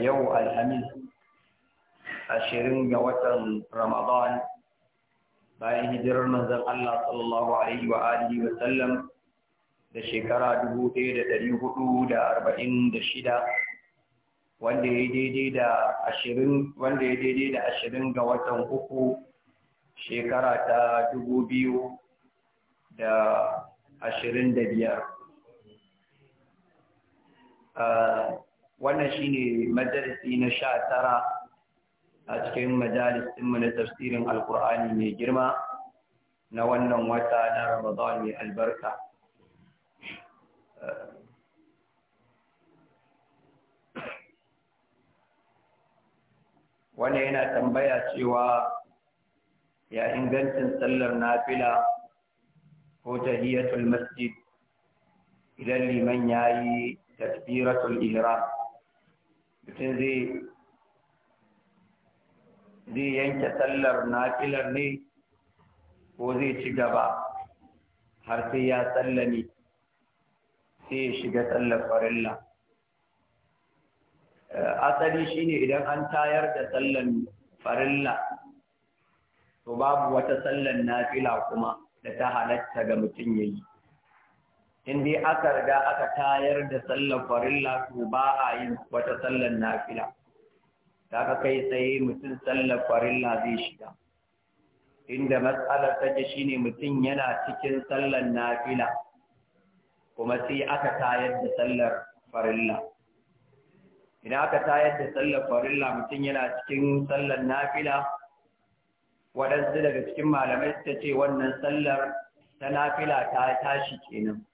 yau alhamis ashirin ga watan ramadan bayan hijirar manzon Allah sallallahu alaihi wa alihi wa sallam da shekara dubu ɗaya da ɗari hudu da arba'in da shida wanda ya daidai da ashirin wanda ya daidai da ashirin ga watan uku shekara ta dubu biyu da ashirin da biyar ah, wannan shine majalisi na sha tara a cikin majalisinmu na tafsirin alkur'ani mai girma na wannan wata na ramadan mai albarka wanda yana tambaya cewa ya ingancin sallar nafila ko tahiyatul masjid idan liman yayi takbiratul ihram mutum zai yanke sallar nafilar ne ko zai ci gaba har sai ya tsallame sai ya shiga tsallar farilla eh, asali shine idan an tayar da tsallan farilla to babu wata tsallan nafila kuma da ta halatta ga mutum ya yi in dai aka riga aka tayar da sallar farilla to ba a yin wata sallar nafila ta ka kai tsaye mutum sallar farilla zai shiga inda matsalar shi ne mutum yana cikin sallar nafila kuma sai aka tayar da sallar farilla idan aka tayar da sallar farilla mutum yana cikin sallar nafila waɗansu daga cikin malamai suka ce wannan sallar ta nafila ta tashi kenan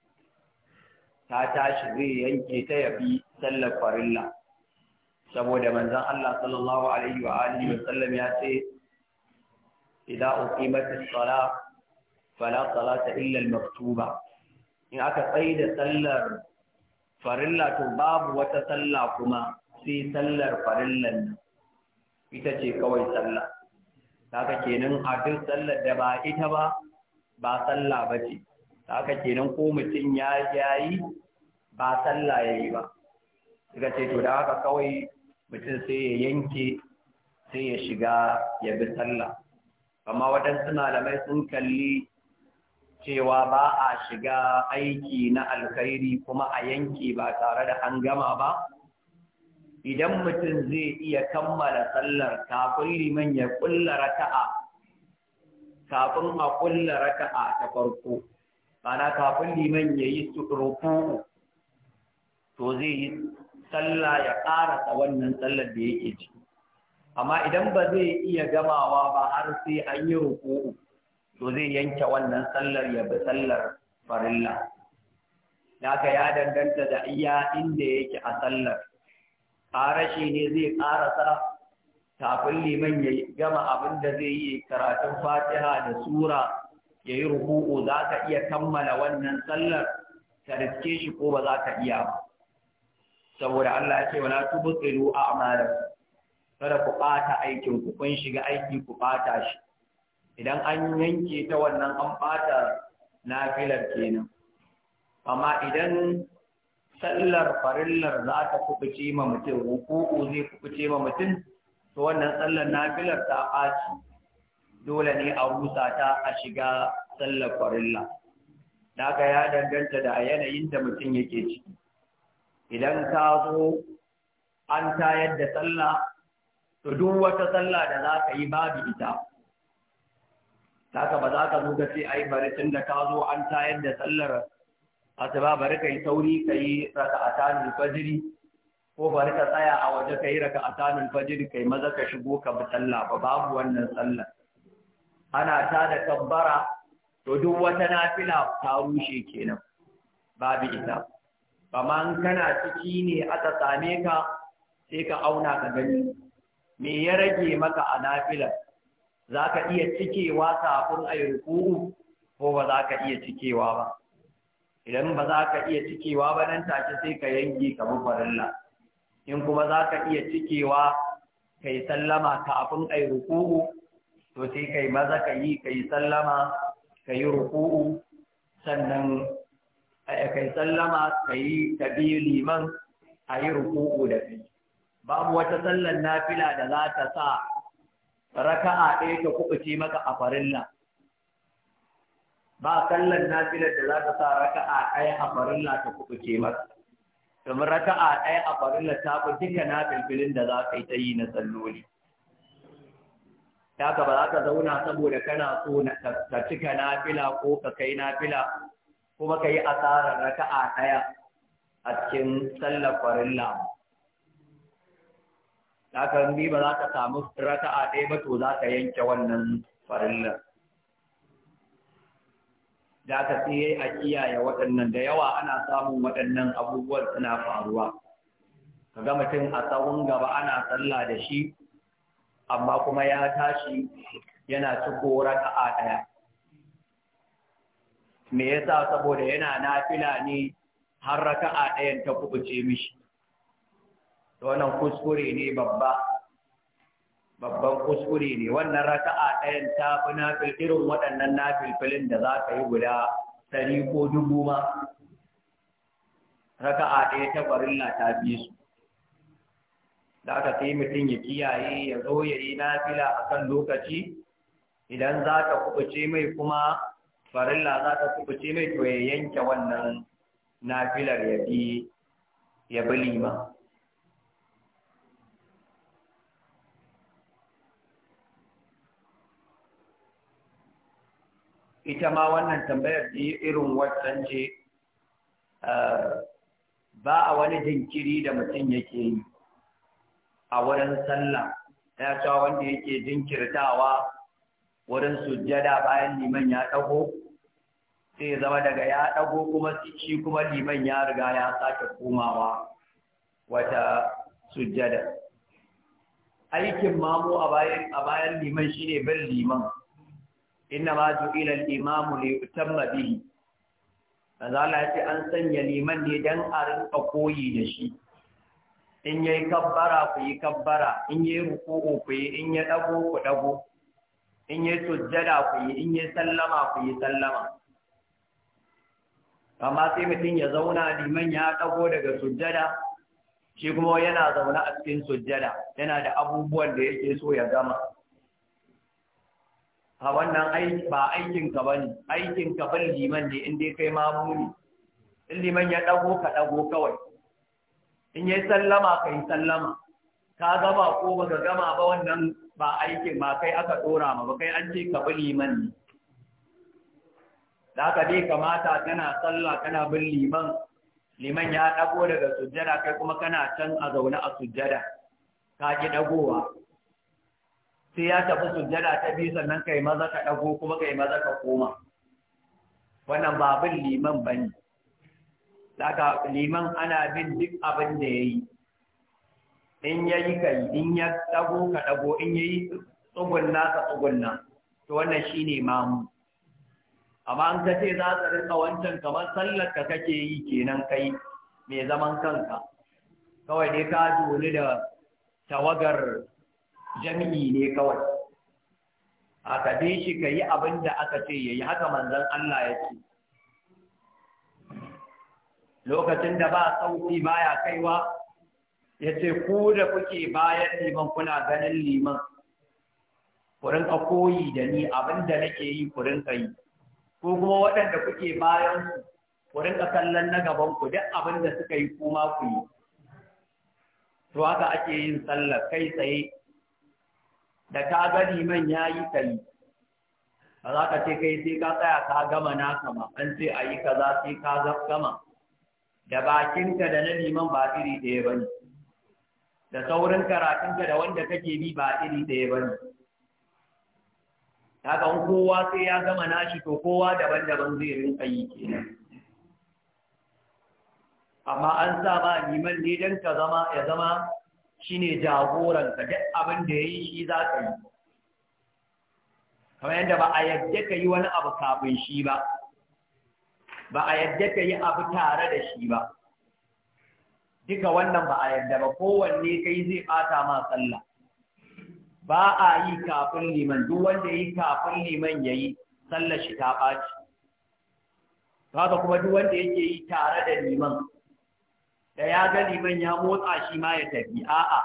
ta tashi zai yanke ta yabi sallar farilla saboda manzon Allah sallallahu alaihi wa alihi wa sallam ya ce idza uqimat as-salah fala salata illa al-maktuba in aka tsaida sallar farilla to babu wata sallah kuma sai sallar farillan nan ita ce kawai sallah haka kenan a duk sallar da ba ita ba ba sallah bace. haka kenan ko mutum ya yi ba sallah yi ba suka ce to da haka kawai mutum sai ya yanke sai ya shiga ya bi sallah amma waɗansu malamai sun kalli cewa ba a shiga aiki na alkhairi kuma a yanke ba tare da an gama ba idan mutum zai iya kammala sallar kafin liman ya kulla raka'a kafin a kulla raka'a ta farko ma'ana kafin liman ya yi ruku'u to zai yi sallah ya ƙarasa wannan sallar da yake ci. amma idan ba zai iya gamawa ba har sai an yi ruku'u to zai yanke wannan sallar ya bi sallar farilla naka ya danganta da iya inda yake a sallar shi ne zai ƙarasa kafin liman ya gama abin da zai yi karatun fatiha da sura ya yi ruku'u za ka iya kammala wannan sallar ta riske shi ko ba za ka iya ba saboda Allah ya ce wala tubtilu a'malakum kada ku ɓata aikin ku kun shiga aiki ku ɓata shi idan an yanke ta wannan an ɓata nafilar kenan amma idan sallar farillar za ta kuɓuce ma mutum ruku'u zai kuɓuce ma mutum to wannan sallar nafilar ta ɓaci dole ne a rusa ta a shiga sallar farilla naka ya danganta da yanayin da mutum yake ciki idan ka zo an tayar da sallah to duk wata sallah da za ka yi babu ita haka ba za ka zo ka ce ai bari tun da ka zo an tayar da sallar asuba bari ka yi sauri ka yi raka'atan fajiri ko bari ka tsaya a waje ka yi raka'atan fajiri kai maza ka shigo ka bi sallah ba babu wannan sallar ana ta da tabbara to duk wata nafila ta rushe kenan babu ita kamar kana ciki ne aka same ka sai ka auna ka gani me ya rage maka a nafila za ka iya cikewa kafin a yi ruku'u ko ba za ka iya cikewa ba idan ba za ka iya cikewa ba nan take sai ka yanke ka farilla in kuma za ka iya cikewa kai sallama kafin a yi ruku'u to sai kai maza ka yi ka yi sallama ka yi ruku'u sannan eh, ka yi sallama ka yi ka biyu liman a yi ruku'u da kai babu wata sallar nafila da za ta sa raka'a ɗaya ta kuɓuce maka a farilla ba sallar nafila da za ta sa raka'a ɗaya a farilla ta kuɓuce maka domin raka'a ɗaya a farilla ta fi duka filfilin da za ka yi ta yi na salloli ta ka ba za ka zauna saboda kana so ka cika na fila ko ka kai na fila kuma ka yi asarar raka'a ɗaya a cikin sallar lamu. ta ka ni ba za ka samu a ɗaya ba to za ka yanke wannan farillar da ka siye a kiyaye waɗannan da yawa ana samun waɗannan abubuwan suna faruwa Ka ga mutum a tsawon gaba ana sallah da shi amma kuma ya tashi yana ciko raka'a ɗaya me yasa saboda yana nafila ne har raka'a ɗayan ta kubuce mishi wannan kuskure ne babba babban kuskure ne wannan raka'a ɗayan ta fi nafil irin waɗannan nafilfilin da za ka yi guda ɗari ko dubu ma raka'a ɗaya ta farilla ta fi su da aka sai mutum ya kiyaye ya zo ya yi nafila a kan lokaci idan za ka kubuce mai kuma farilla za ka kubuce mai to ya yanke wannan nafilar ya bi ya bi lima ita ma wannan tambayar irin wancan ce eh, ba a wani jinkiri da mutum yake yi a wurin sallah ya cewa wanda yake jinkirtawa wurin sujjada bayan liman ya ɗago sai zama daga ya ɗago kuma shi kuma liman ya riga ya sake komawa wata sujjada aikin mamu a bayan a bayan liman shine bin liman inna ma ju'ila al imam li yutamma bihi manzo Allah ya ce an sanya liman ne dan a rinka koyi da shi in ya yi kabbara ku yi kabbara in ya yi ruku'u ku yi in ya ɗago ku ɗago. in ya yi sujjada ku yi in yi sallama ku yi sallama amma sai mutum ya zauna liman ya ɗago daga sujjada shi kuma yana zaune a cikin sujjada yana da abubuwan da yake so ya gama a wannan ba aikinka ba ne ka bin liman ne in dai kai mamuni in liman ya ɗago, ka ɗago kawai in yi sallama ka yi sallama ka gama ko ba ka gama ba wannan ba aikin ba kai aka ɗora ma ba kai an ce ka bi liman ne da aka dai kamata kana sallah kana bin liman liman ya ɗago daga sujjada kai kuma kana can a zaune a sujjada ka ji ɗagowa sai ya tafi sujjada ta biyu sannan kai maza ka ɗago kuma kai maza ka koma wannan ba bin liman bane daga liman ana bin duk abin da ya yi. In ya yi kai, in ya ɗago ka ɗago, in ya yi tsugunna ka tsugunna. To wannan shi ne mamu. Amma an ka ce za ka rinka wancan kamar sallar ka kake yi kenan kai mai zaman kanka. Kawai dai ka joni da tawagar jami'i ne kawai. A ka shi ka yi abin aka ce ya yi haka manzon Allah ya ce. lokacin da ba sauki baya kaiwa ya ce ku da kuke bayan liman kuna ganin liman ku rinka koyi da ni abin da nake yi ku ko kuma waɗanda kuke bayan su ku rinka kallon na gaban ku duk abin da suka yi kuma ku yi to haka ake yin sallar kai tsaye da ka ga liman ya yi ka ba za ka ce kai sai ka tsaya ka gama na kama an ce a yi kaza sai ka gama da bakinka da na liman ba iri ɗaya ba ne, da saurin karatunka da wanda kake bi ba iri ɗaya ba ne. Haka in kowa sai ya gama nashi to kowa daban-daban zai rinka yi kenan. Amma an sa ba liman ne don ka zama ya zama shi ne jagoranka duk abin da ya yi shi za ka yi. Kamar yadda ba a yadda ka yi wani abu kafin shi ba. ba a yadda ka yi abu tare da shi ba duka wannan ba a yadda ba kowanne kai zai ɓata ma tsalla. ba a yi kafin liman duk wanda yi kafin liman ya yi tsalla shi ta ɓaci ba kuma duk wanda yake yi tare da liman da ya ga liman ya motsa shi ma ya tafi a'a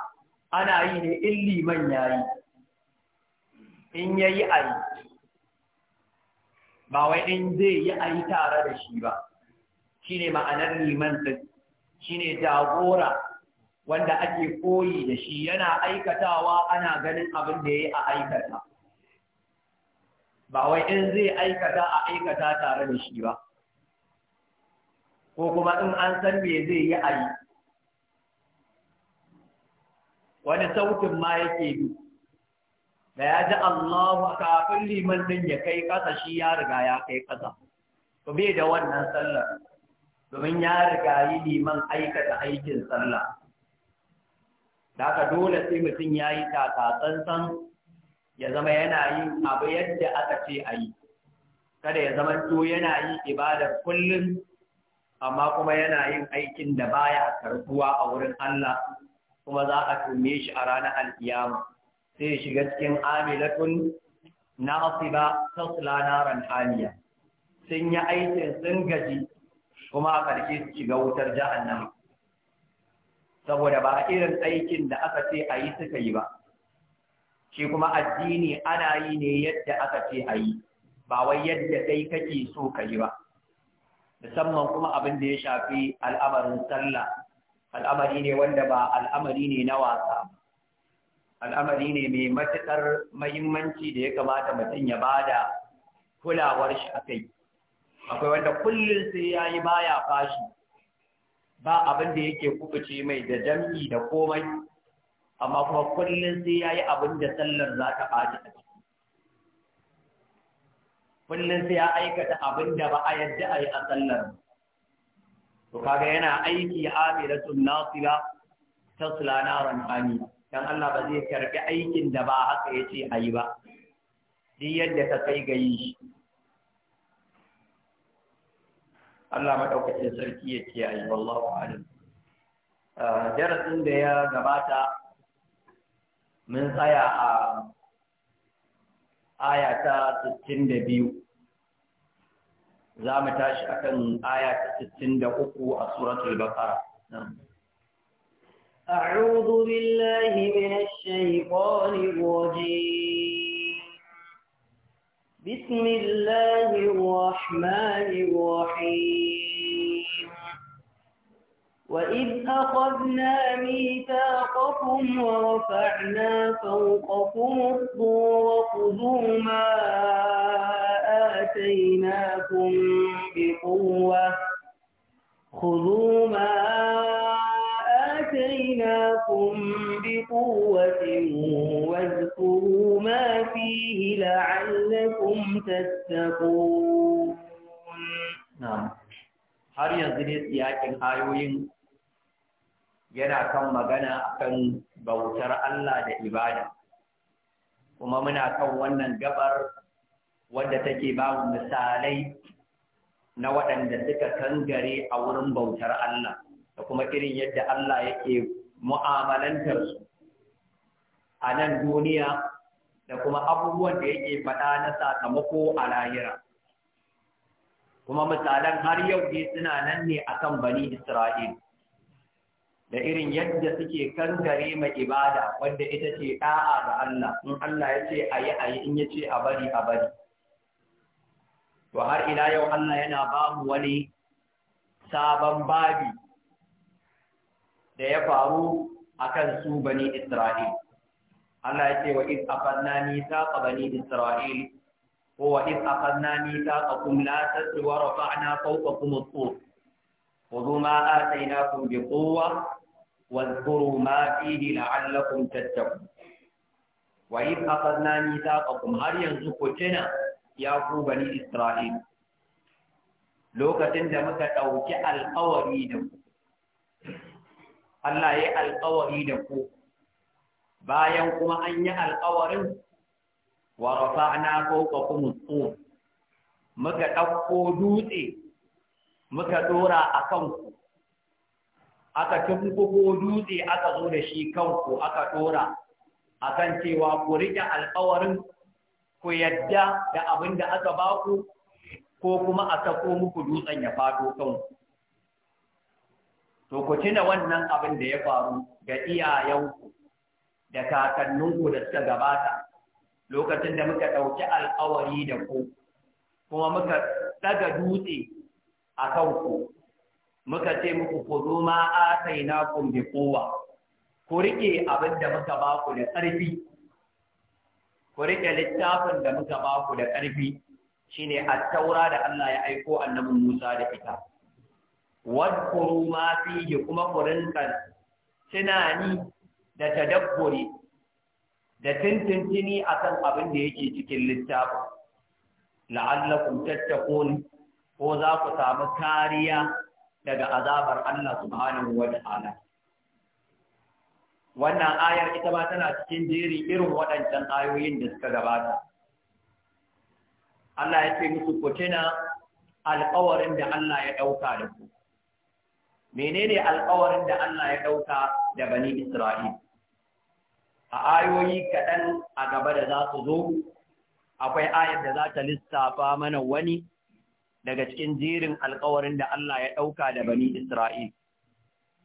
ana yi ne in liman ya yi in ya yi a yi ba wai in zai yi a yi tare da shi ba shi ne ma'anar liman din shi ne jagora wanda ake koyi da shi yana aikatawa ana ganin abin da ya yi a aikata ba wai in zai aikata a aikata tare da shi ba ko kuma in an san me zai yi a yi wani sautin ma yake duk da ya ji Allah kafin liman din ya kai ƙasa shi ya riga ya kai ƙasa to bai da wannan sallar domin ya riga yi liman aikata aikin sallah da ka dole sai mutum ya yi takatsantsan ya zama yana yi abu yadda aka ce a yi kada ya zama to yana yi ibadar kullum amma kuma yana yin aikin da baya karbuwa a wurin Allah kuma za a tume shi a ranar alkiyama sai ya shiga cikin na nasiba ta naran hamiya sun yi aikin sun gaji kuma a ƙarshe su shiga wutar jahannama saboda ba irin aikin da aka ce a yi suka yi ba shi kuma addini ana yi ne yadda aka ce a yi ba wai yadda kai kake so ka yi ba musamman kuma abin da ya shafi al'amarin sallah al'amari ne wanda ba al'amari ne na wasa ba al'amari ne mai matuƙar mahimmanci da ya kamata mutum ya ba da kulawar shi a kai akwai wanda kullum sai ya yi baya fashi ba abin da yake kubuce mai da jam'i da komai amma kuma kullum sai ya yi abin da sallar za ta ɓaci a ciki kullum sai ya aikata abin da ba a yadda a yi a sallar to kaga yana aiki a amiratun nasila tasla naran Amina. dan Allah ba zai karbi aikin da ba haka yace ayi ba duk yadda ka kai ga yi Allah madaukakin sarki yace ayi wallahu alim ah, darasin da ya gabata mun tsaya a aya ta 62 za mu tashi akan aya ta 63 a suratul baqara أعوذ بالله الرحمن الرحيم وإذ أخذنا ميثاقكم ورفعنا فوقكم الطور خذوا ما آتيناكم بقوة خذوا ما آتيناكم بقوة واذكروا ما فيه لعلكم تتقون har yanzu ne siyakin ayoyin yana kan magana kan bautar Allah da ibada kuma muna kan wannan gabar wadda take ba misalai na waɗanda suka kangare a wurin bautar Allah da kuma irin yadda Allah yake mu'amalantar su a nan duniya da kuma abubuwan da yake faɗa na sakamako a lahira kuma misalan har yau dai suna nan ne akan bani Isra'il da irin yadda suke kangare ma ibada wanda ita ce da'a ga Allah in Allah ya ce ayi ayi in ya ce a bari a bari to har ila yau Allah yana ba mu wani sabon babi da ya faru akan su bani Isra'il Allah ya ce wa iz akhadna mithaqa bani Isra'il وإذ أخذنا ميثاقكم لا تسروا ورفعنا فوقكم الطور خذوا ما آتيناكم بقوة واذكروا ما فيه لعلكم تتقون وإذ أخذنا ميثاقكم هل ينزقتنا يا بني إسرائيل lokacin da muka ɗauki alƙawari da ku, Allah ya yi alƙawari da ku, bayan kuma an yi alƙawarin wa rafa'na fawqakum at-tur muka dauko dutse muka dora akan ku aka ko dutse aka zo da shi kanku aka dora akan cewa ku riƙe alƙawarin ku yadda da abin da aka baku ko kuma a sako muku dutsen ya fado kanku to ku tuna wannan abin da ya faru ga iyayenku da kakanninku da suka gabata lokacin da muka ɗauki al'awari da ku kuma muka daga dutse a kanku muka ce muku ku zo ma asai na kumbi kowa ku riƙe abin da muka ba ku da ƙarfi ku riƙe littafin da muka ba ku da ƙarfi shine attaura taura da Allah ya aiko annabi Musa da ita wadkuru ma fihi kuma ku rinka tunani da tadabburi da a akan abin da yake cikin littafin la'allakum tattaqun ko za ku samu kariya daga azabar Allah subhanahu wa ta'ala wannan ayar ita ba tana cikin jeri irin waɗancan ayoyin da suka gabata Allah ya ce musu ku tuna alƙawarin da Allah ya ɗauka da ku menene alƙawarin da Allah ya ɗauka da bani isra'ila a ayoyi kaɗan a gaba da za su zo akwai ayar da za ta lissafa mana wani daga cikin jerin alkawarin da Allah ya ɗauka da bani Isra'il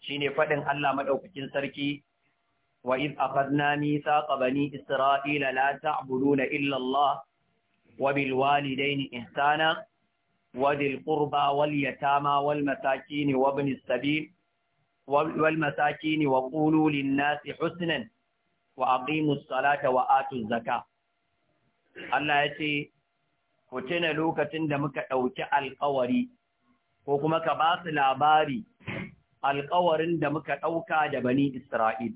shi ne faɗin Allah maɗaukakin sarki wa iz akhadna mithaqa bani isra'ila la ta'buduna illa illallah. wa walidaini walidayni ihsana wa dil qurba wal yatama wal masakin wa ibn as-sabil wa qulu nasi husnan wa aqimus salata wa atuz zaka Allah ya ce ku tuna lokacin da muka ɗauki alƙawari ko kuma ka ba su labari alƙawarin da muka ɗauka da bani Isra'il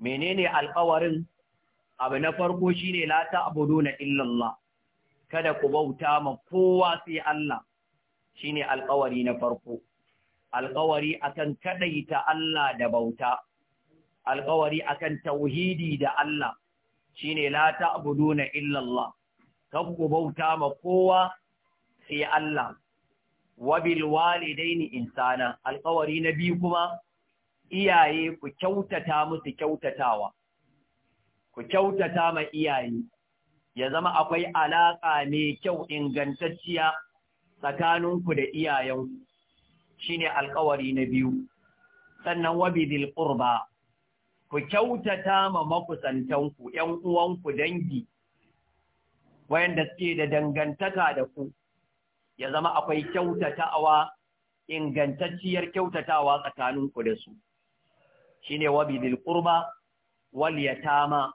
menene alƙawarin abu na farko shine la ta'buduna illallah kada ku bauta ma kowa sai Allah shine alƙawari na farko alƙawari akan kadaita Allah da bauta alkawari akan tauhidi da Allah shine la ta'buduna illallah, Allah bauta ma kowa sai Allah wa bil walidaini insana alkawari na biyu kuma iyaye ku kyautata musu kyautatawa ku kyautata ma iyaye ya zama akwai alaka mai kyau ingantacciya tsakaninku da iyayenku shine alkawari na biyu sannan wa bil ku kyautata ma makusantanku, ‘yan uwanku dangi, wayanda suke da dangantaka da ku, ya zama akwai kyautatawa, ingantacciyar kyautatawa tsakaninku da su. Shi ne wabi bilkurba, wal yatama,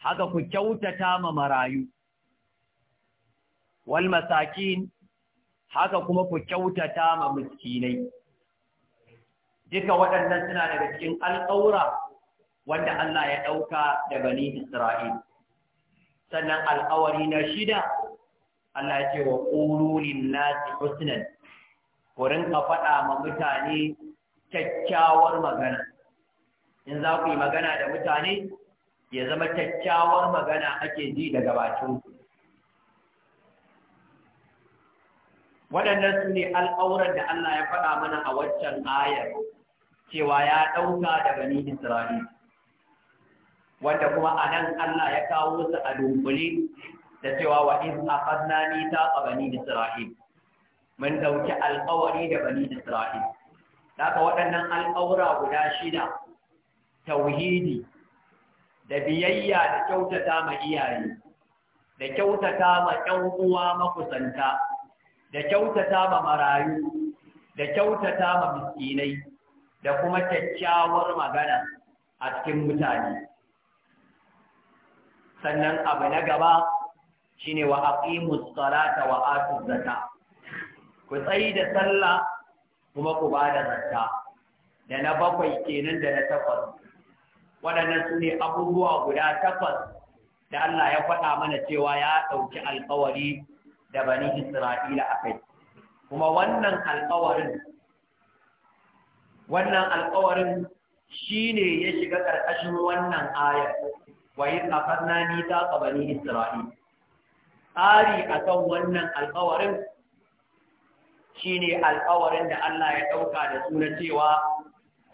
haka ku kyautata ma marayu, wal masakin, haka kuma ku kyautata ma miskinai. Duka waɗannan suna daga cikin alƙawura. wanda Allah ya ɗauka da bani Isra'il. Sannan al'awari na shida, Allah ya ce wa ƙururin nasi husnan, ku rinka faɗa ma mutane kyakkyawar magana. In za ku yi magana da mutane, ya zama kyakkyawar magana ake ji daga bacin waɗannan su ne al'auran da Allah ya faɗa mana a waccan ayar cewa ya ɗauka da bani Isra'il. wanda kuma a nan Allah ya kawo su a dunkule da cewa wa in akhadna ni ta bani Isra'il mun ɗauki alƙawari da bani Isra'il Daga waɗannan alƙawura guda shida tauhidi da biyayya da kyautata ma iyaye da kyautata ma ƴan uwa makusanta da kyautata ma marayu da kyautata ma miskinai da kuma kyakkyawar magana a cikin mutane sannan abu na gaba shine wa aqimus salata wa atuz zata ku tsayi da sallah kuma ku ba da da na bakwai kenan da na takwas waɗannan su ne abubuwa guda takwas da Allah ya faɗa mana cewa ya ɗauki alkawari da bani Isra'ila a kai kuma wannan alƙawarin wannan alkawarin ne ya shiga ƙarƙashin wannan ayar waye akanna ni ta qabani isra'il tsari akan wannan alƙawarin shine alƙawarin da Allah ya ɗauka da su cewa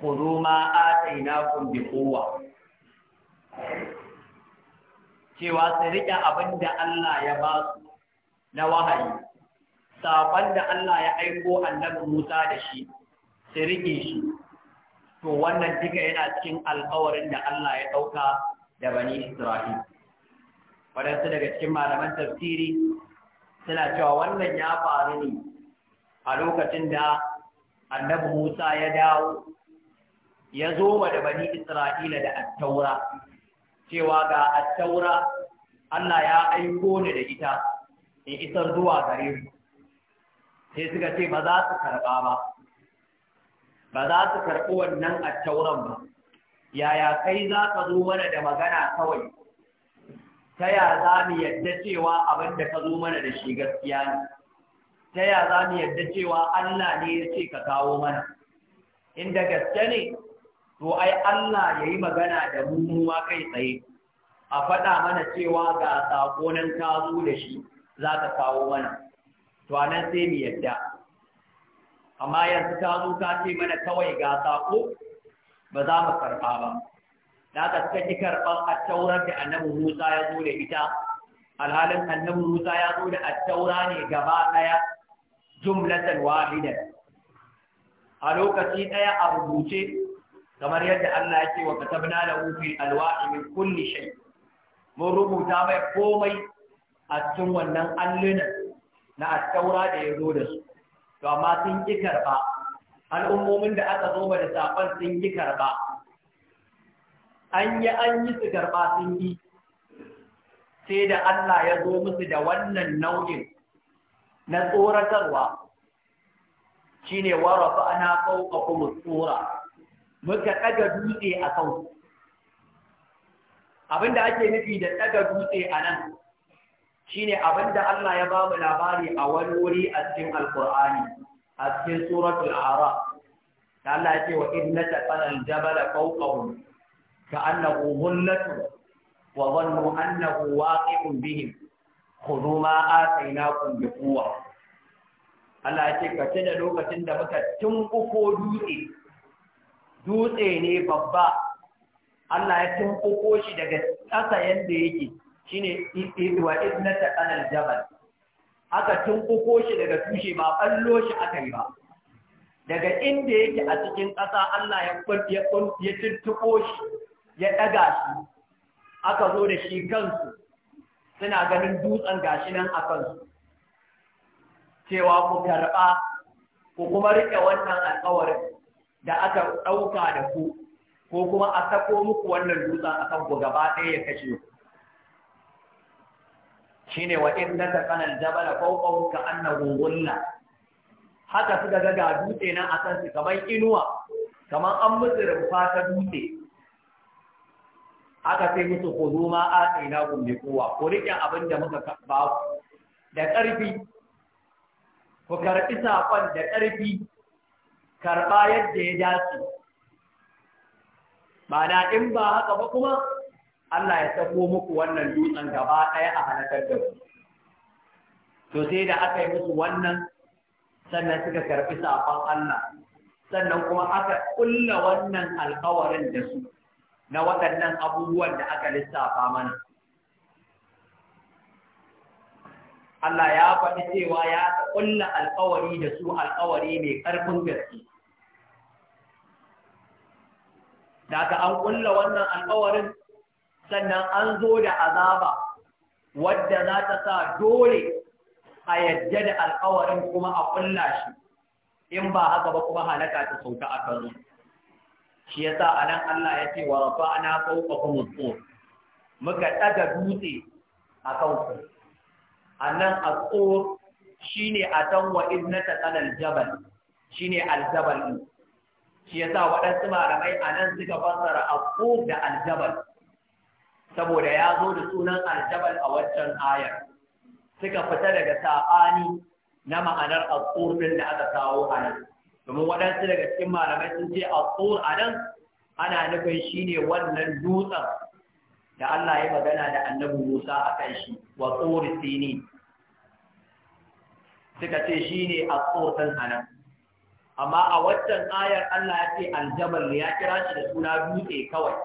khudhu ma atainakum cewa su riƙe abin Allah ya ba na Allah ya aiko annabi Musa da shi su riƙe shi to wannan duka yana cikin alƙawarin da Allah ya ɗauka da bani Isra'il. Waɗansu daga cikin malaman tafsiri suna cewa wannan ya faru ne a lokacin da annabi Musa ya dawo ya zo wa da bani Isra'ila da attaura, cewa ga attaura Allah ya aiko ni da ita in isar zuwa gare su. Sai suka ce ba za su karɓa ba, ba za su karɓi wannan attauran ba. yaya kai za ka zo mana da magana kawai ta ya za mu yadda cewa abin ka zo mana da shi gaskiya ne ta ya za mu yadda cewa Allah ne ya ce ka kawo mana inda gaske ne to ai Allah ya yi magana da mu kai tsaye a faɗa mana cewa ga saƙo nan ka zo da shi za ka kawo mana to a sai mu yadda amma yanzu ka zo ka ce mana kawai ga saƙo ba za mu karɓa ba Na aka suka ji karɓar attaurar da annabi Musa ya zo da ita alhalin annabi Musa ya zo da attaura ne gaba ɗaya jumlatan wahidan a lokaci ɗaya a rubuce kamar yadda Allah ya ce wa katabna lahu fi alwa'i min kulli shai, mun rubuta mai komai a cikin wannan allunan na attaura da ya zo da su to amma sun ki karɓa al'ummomin da aka zo da saƙon sun yi karɓa an yi an yi su karɓa sun yi sai da Allah ya zo musu da wannan nau'in na tsoratarwa shi ne warafa ana ƙauƙa kuma tsora muka ɗaga dutse a kan abinda ake nufi da ɗaga dutse a nan shi ne abinda Allah ya ba mu labari a wani wuri a cikin alƙur'ani a cikin suratul 'ara da Allah ya ce wa in nataqana al-jabal fawqahum ka'annahu hullatun wa dhannu annahu waqi'un bihim khudhu ma atainakum bi quwwa Allah ya ce ka da lokacin da muka tunkuko dutse dutse ne babba Allah ya tunkuko shi daga ƙasa yanda yake shine idwa idnata anal jabal aka tunkuko shi daga tushe ba ɓallo shi aka yi ba daga inda yake a cikin ƙasa Allah ya kwanti ya tuntuko shi ya daga shi aka zo da shi kansu suna ganin dutsen gashi nan a kansu cewa ku karɓa ku kuma riƙe wannan alƙawarin da aka ɗauka da ku ko kuma a sako muku wannan dutsen a kanku gaba ɗaya ya kashe ku shine wa in da kana jabal fawqahu ka annahu gungunna haka suka ga ga dutse nan a kansu kamar inuwa kamar an mutu rufa ta dutse Haka sai musu kudu ma a tsina gumbe kowa ko riƙe abin da muka ba ku da ƙarfi ku karɓi saƙon da ƙarfi karɓa yadda ya dace ba na in ba haka ba kuma Allah ya sako muku wannan dutsen gaba ɗaya a halakar da ku. To sai da aka yi musu wannan sannan suka karɓi saƙon Allah sannan kuma aka ƙulla wannan alƙawarin da su na waɗannan abubuwan da aka lissafa mana. Allah ya faɗi cewa ya ƙulla alƙawari da su alƙawari mai ƙarfin gaske. Da aka an ƙulla wannan alƙawarin sannan an zo da azaba wadda za ta sa dole a yadda da alkawarin kuma a kulla shi in ba haka ba kuma halaka ta sauka a kansu shi a nan Allah ya ce wa rafa'ana fawqakum kuma sur muka ɗaga dutse a A annan as-sur shine atan wa iznata qalal jabal shine al-jabal shi yasa waɗansu malamai nan suka fassara as-sur da al-jabal saboda ya zo da sunan aljabal a waccan ayar suka fita daga saɓani na ma'anar asur ɗin da aka kawo a nan domin waɗansu daga cikin malamai sun ce asur a nan ana nufin shi ne wannan dutsen da Allah ya magana da annabi Musa a kan shi wa tsori sini suka ce shi ne asur ɗin a nan amma a waccan ayar Allah ya ce aljabal ya kira shi da suna dutse kawai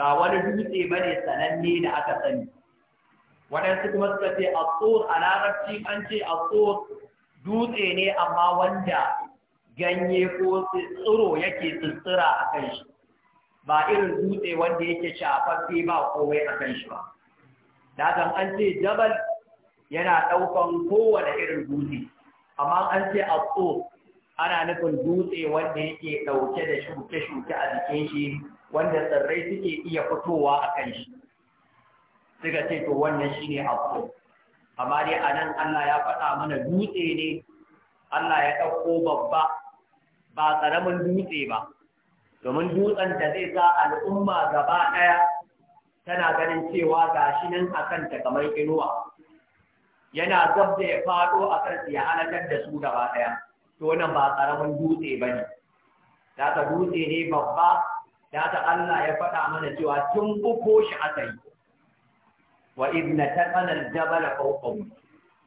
ba wani dutse ba ne sananne da aka sani waɗansu kuma suka ce a tsor a larabci an ce a tsor dutse ne amma wanda ganye ko tsiro yake tsitsira a kan shi ba irin dutse wanda yake shafaffe ba kowai a kan shi ba dakan an ce jabal yana ɗaukan kowane irin dutse amma an ce a tsor ana nufin dutse wanda yake ɗauke da shuke-shuke a jikin shi wanda tsirrai suke iya fitowa a kan shi suka ce to wannan shi ne abu amma dai a nan Allah ya faɗa mana dutse ne Allah ya ɗauko babba ba ƙaramin dutse ba domin dutsen da zai sa al'umma gaba ɗaya tana ganin cewa shi nan a kanta kamar inuwa yana zab da ya faɗo a kansu ya halatar da su gaba ɗaya to nan ba ƙaramin dutse ba ne. Daga dutse ne babba da ta Allah ya faɗa mana cewa tun buko shi aka yi wa ibna ta kanar jabal fawqahum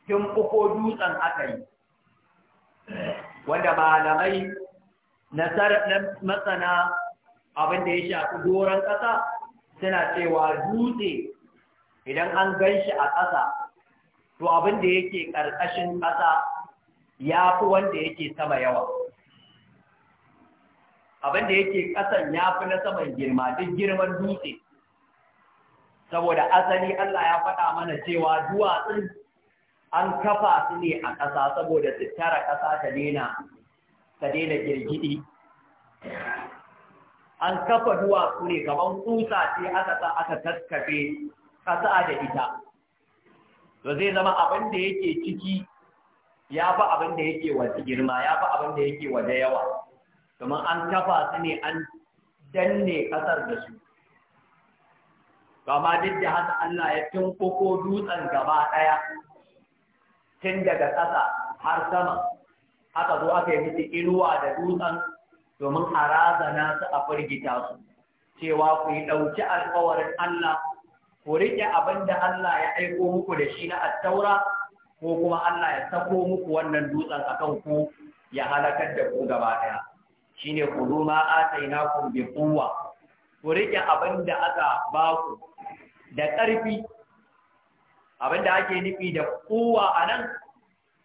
tun buko dutsen aka yi wanda malamai na masana abin da ya shafi doron ƙasa suna cewa dutse idan an gan shi a ƙasa to abin da yake ƙarƙashin ƙasa ya fi wanda yake sama yawa abin da yake ƙasan ya fi na saman girma duk girman dutse saboda asali Allah ya faɗa mana cewa duwatsun an kafa su ne a ƙasa saboda su tara ƙasa ta daina ta dena girgidi an kafa duwatsu ne kamar kusa ce aka sa aka taskafe ƙasa da ita to zai zama abin da yake ciki ya fi abin da yake wa girma ya fi abin da yake wa da yawa kamar an kafa su ne an danne ƙasar da su kama duk da haka Allah ya tunkoko dutsen gaba daya tun daga ƙasa har sama aka zo aka yi musu inuwa da dutsen domin a razana su a firgita su cewa ku yi ɗauki alkawarin Allah ku riƙe abin Allah ya aiko muku da shi na attaura ko kuma Allah ya sako muku wannan dutsen akan ku ya halakar da ku gaba ɗaya. Shi shine kudu ma atainakum bi kuwa ku rike abin da aka ba ku da ƙarfi abin da ake nufi da a nan,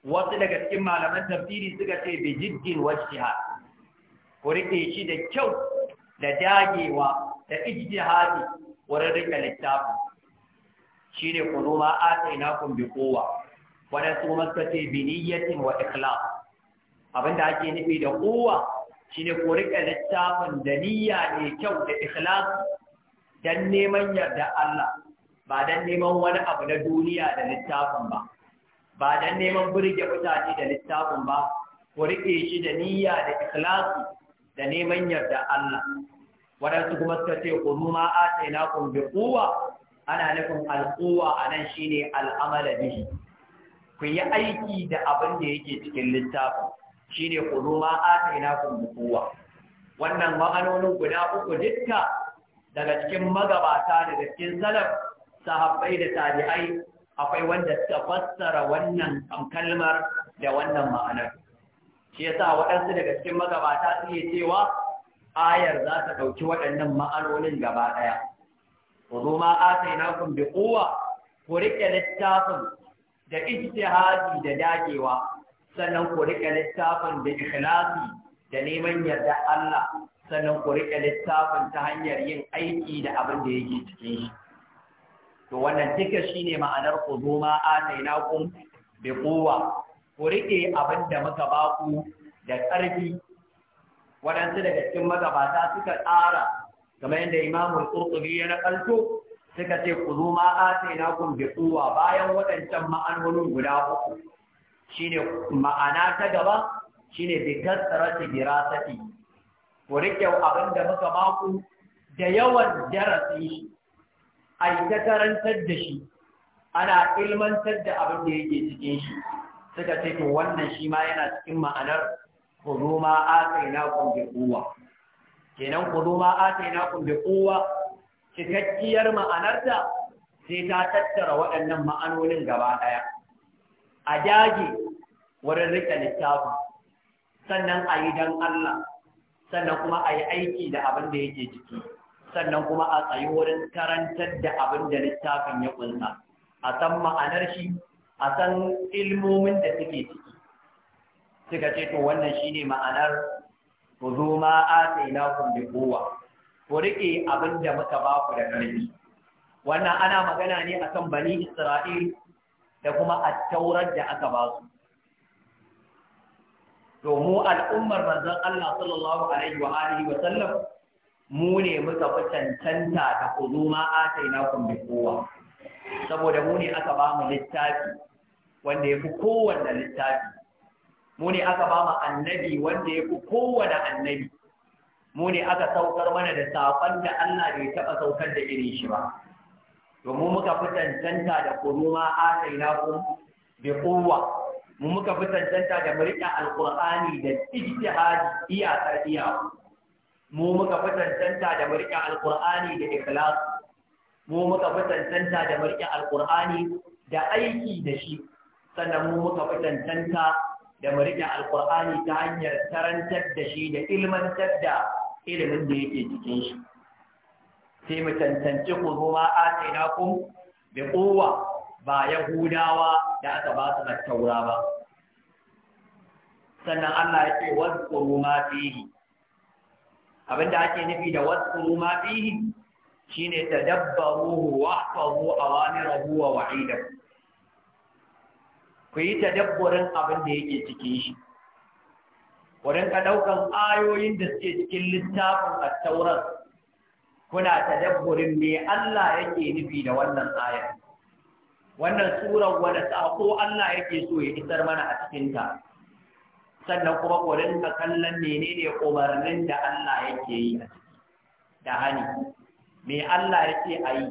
wasu daga cikin malaman tafiri suka ce bi jiddin wajtihad ku rike shi da kyau da dagewa da ijtihadi wurin rike littafin shine kudu ma atainakum bi quwwa wadansu masu ce bi niyyatin wa ikhlas abin da ake nufi da kuwa shine ko riƙa littafin da niyya ne kyau da ikhlas dan neman yarda Allah ba dan neman wani abu na duniya da littafin ba ba dan neman burge mutane da littafin ba ko riƙe shi da niyya da ikhlasi da neman yarda Allah wadansu kuma suka ce ku ma atainakum bi quwwa ana nufin alquwa anan shine al'amala bihi ku yi aiki da abin da yake cikin littafin Shi shine qulu ma atainakum buwa wannan ma'anonin guda uku dukka daga cikin magabata da cikin salaf sahabbai da tabi'ai akwai wanda suka fassara wannan kalmar da wannan ma'anar shi yasa waɗansu daga cikin magabata su iya cewa ayar za ta ɗauki waɗannan ma'anonin gaba ɗaya Kudu ma atainakum bi ku riƙe littafin da ijtihadi da dagewa sannan ku riƙe littafin da ikhlasi da neman yarda Allah sannan ku riƙe littafin ta hanyar yin aiki da abin da yake cikin shi to wannan duka shine ma'anar ku zo ma ku bi quwwa ku riƙe abin da muka ba ku da ƙarfi waɗansu daga cikin magabata suka tsara kamar yadda imamul qurtubi ya nakalto suka ce ku zo ma atainakum bi quwwa bayan waɗancan ma'anonin guda uku shine ma'ana ta gaba shine bi kasrati dirasati ku rike abin da muka maku da yawan darasi yi ta karantar da shi ana ilmantar da abin da yake cikin shi suka ce to wannan shi ma yana cikin ma'anar kudu ma na bi quwwa kenan kudu ma na bi quwwa cikakkiyar ma'anarta sai ta tattara waɗannan ma'anonin gaba ɗaya a dage wurin riƙe littafin sannan a yi don Allah sannan kuma a yi aiki da abin da yake ciki, sannan kuma a tsayi wurin karantar da abin da littafin ya ƙunsa, a san ma'anar shi a san ilmomin da suke ciki suka ce to wannan shine ma'anar ku zo ma na kun bi kowa ku riƙe abin da muka ba ku da ƙarfi wannan ana magana ne a kan bani isra'il da kuma attaurar da aka ba su Domin mu al'ummar manzon Allah sallallahu alaihi wa alihi wa sallam mu ne muka fi cancanta da kuzuma atainakum bi kowa saboda mu ne aka ba mu littafi wanda ya fi kowanne littafi mu ne aka ba mu annabi wanda ya fi kowanne annabi mu ne aka saukar mana da safan da Allah bai taɓa saukar da irin shi ba domin muka fi cancanta da kunu ma sai na ku bi kowa mu muka fi cancanta da mu riƙa alƙur'ani da ijtihadi iyakar iyawa mu muka fi cancanta da mu riƙa alƙur'ani da ikhlas mu muka fi cancanta da mu riƙa alƙur'ani da aiki da shi sannan mu muka fi cancanta da mu riƙe alƙur'ani ta hanyar tarantar da shi da ilmantar da ilimin da yake cikin shi sai mu tantance ku zo ma na kun bi kowa ba yahudawa da aka ba su taura ba sannan Allah ya ce wazkuru ma fihi abinda ake nufi da wazkuru ma fihi shine tadabbaruhu wa wani awamirahu wa wa'idahu ku yi tadabburin abin da yake cikin shi ku rinka ɗaukan ayoyin da suke cikin littafin attaurar kuna tadabburin me Allah yake nufi da wannan ayar wannan surar wanda sako Allah yake so ya isar mana a cikin ta sannan kuma ku ka kallon menene umarnin da Allah yake yi da hani me Allah yake a yi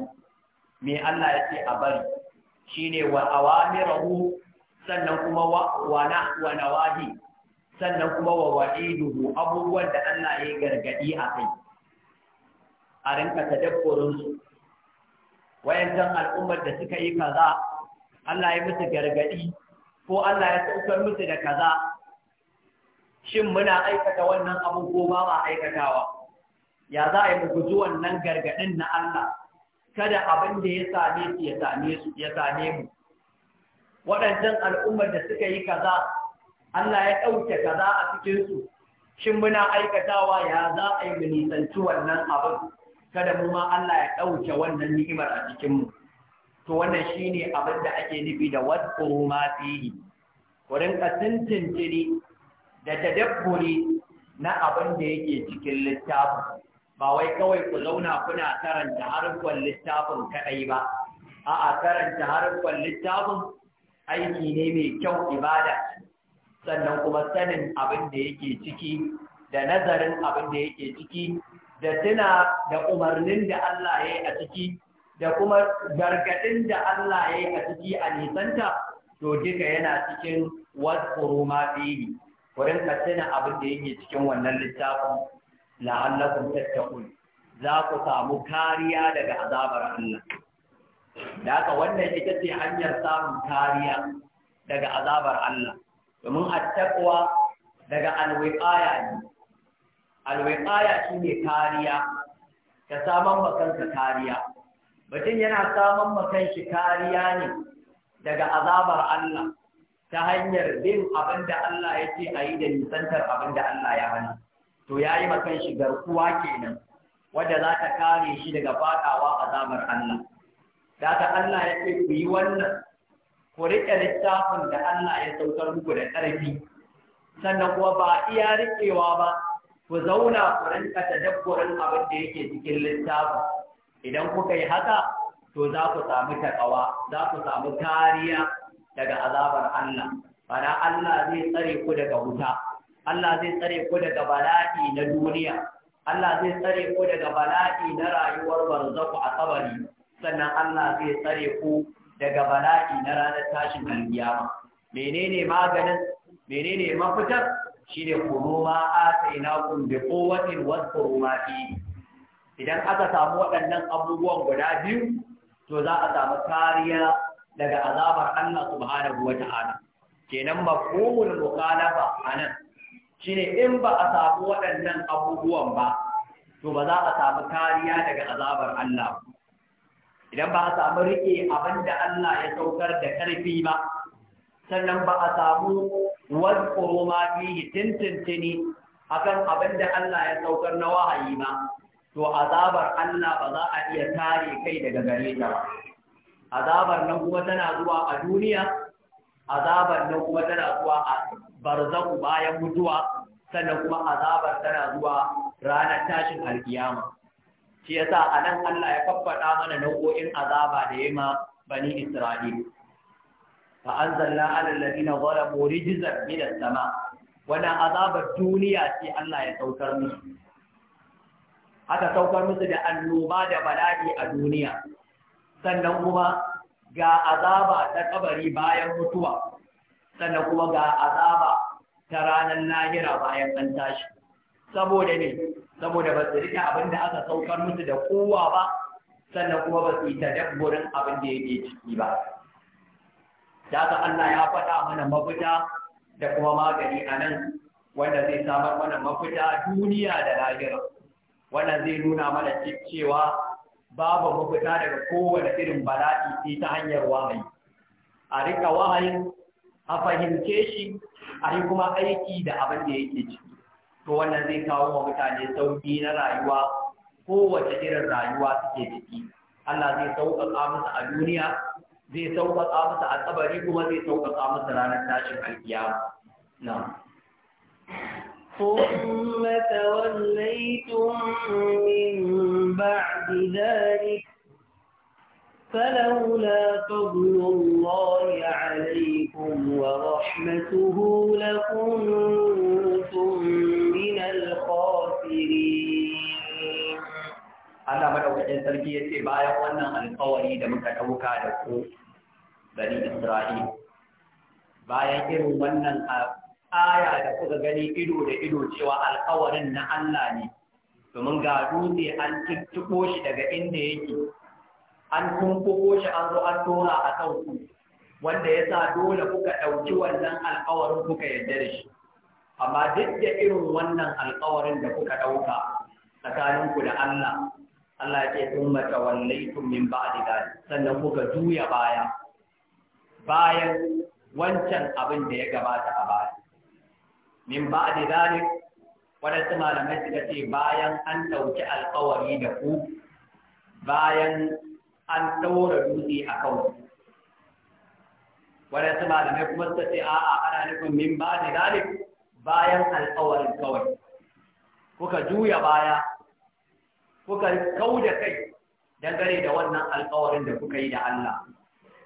me Allah yake a bari shine wa awamirahu sannan kuma wa wa nawahi sannan kuma wa wa'iduhu abubuwan da Allah ya gargadi a kai a rinka wayan wayancan al'ummar da suka yi kaza Allah ya musu gargadi ko Allah ya saukar musu da kaza shin muna aikata wannan abu ko ba ma aikatawa ya za a yi mu guji wannan gargadin na Allah kada abin da ya same su ya same su ya same mu waɗancan al'ummar da suka yi kaza Allah ya ɗauke kaza a cikin su shin muna aikatawa ya za a yi mu nisanci wannan abin kada mu ma Allah ya ɗauke wannan ni'imar a cikin mu to wannan shine abin da ake nufi da wadkuru ma fihi ku rinka tintintiri da tadabburi na abin da yake cikin littafin ba wai kawai ku zauna kuna karanta harkar littafin kaɗai ba a'a karanta harkar littafin aiki ne mai kyau ibada sannan kuma sanin abin da yake ciki da nazarin abin da yake ciki da tuna da umarnin da Allah ya yi a ciki da kuma gargadin da Allah ya yi a ciki a nisanta to duka yana cikin wasu ma fihi ku rinka tuna abin da yake cikin wannan littafin la'allakum tattaqun za ku samu kariya daga azabar Allah da haka wannan ita ce hanyar samun kariya daga azabar Allah domin attaqwa daga alwiqaya ne shi ne kariya ka saman makansa kariya mutum yana saman makanshi kariya ne daga azabar Allah ta hanyar bin abin da Allah ya ce a yi da nisantar abin da Allah ya hana to ya yi makan shi garkuwa kenan wadda za ta kare shi daga faɗawa azabar Allah da ta Allah ya ce ku yi wannan ku riƙe littafin da Allah ya saukar muku da ƙarfi sannan kuwa ba iya riƙewa ba ku zauna ku rinka tadabburin abin da yake cikin littafin idan kuka yi haka to za ku samu takawa za ku samu kariya daga azabar Allah bana Allah zai tsare ku daga wuta Allah zai tsare ku daga bala'i na duniya Allah zai tsare ku daga bala'i na rayuwar barzaku a kabari sannan Allah zai tsare ku daga bala'i na ranar tashin alkiyama menene maganin menene mafitar shine kunu ma atainakum bi quwwatin wadhkuru ma fihi idan aka samu waɗannan abubuwan guda biyu to za a samu kariya daga azabar Allah subhanahu wa ta'ala kenan mafhumul nan. anan shine in ba a samu waɗannan abubuwan ba to ba za a samu kariya daga azabar Allah idan ba a samu rike abinda Allah ya saukar da ƙarfi ba sannan ba a samu wadkuru ma fihi tintintini akan abin da Allah ya saukar na wahayi ba to azabar Allah ba za a iya tare kai daga gare ta ba azabar nan kuma tana zuwa a duniya azabar nan kuma tana zuwa a barzaku bayan mutuwa sannan kuma azabar tana zuwa ranar tashin alkiyama shi yasa anan Allah ya faffaɗa mana nau'o'in azaba da yema bani Isra'ila fa anzalna ala alladhina zalamu rijzan min as-sama wannan azabar duniya ce Allah ya saukar musu aka saukar musu da annoba da bala'i a duniya sannan kuma ga azaba ta kabari bayan mutuwa sannan kuma ga azaba ta ranar lahira bayan an tashi saboda ne saboda ba su rike abin da aka saukar musu da kowa ba sannan kuma ba su yi tadabburin abin da yake ciki ba da ka Allah ya faɗa mana mafita da kuma magani a nan wanda zai samar mana mafita duniya da lahira wanda zai nuna mana cewa babu mafita daga kowane irin bala'i sai ta hanyar wahayi a rika wahayin a fahimce shi a yi kuma aiki da abin da yake ciki to wannan zai kawo wa mutane sauki na rayuwa kowace irin rayuwa suke ciki Allah zai sauƙaƙa musu a duniya zai sauƙaƙa masa a tsabari kuma zai sauƙaƙa masa ranar tashin alkiyama na ثم توليتم من بعد ذلك فلولا فضل الله عليكم ورحمته لكنتم من Allah madaukakin sarki ya ce bayan wannan alƙawari da muka ɗauka da ku bani Isra'il bayan irin wannan aya da kuka gani ido da ido cewa alƙawarin na Allah ne domin ga dutse an tuttuko shi daga inda yake an kumfuko shi an zo an tona a ku wanda ya sa dole kuka ɗauki wannan alƙawarin kuka yarda da shi amma duk da irin wannan alƙawarin da kuka ɗauka tsakaninku da Allah Allah ya ce sun matawallaitum min ba'di dhalik sannan kuka juya baya bayan wancan abin da ya gabata a baya min ba'di dhalik wadansu malamai suka ce bayan an ɗauki alƙawari da ku bayan an ɗaura dutse a kan wadansu malamai kuma suka ce a'a ana nufin min ba'di dhalik bayan alƙawarin kawai kuka juya baya kuka kau da kai dangane da wannan alkawarin da kuka yi da Allah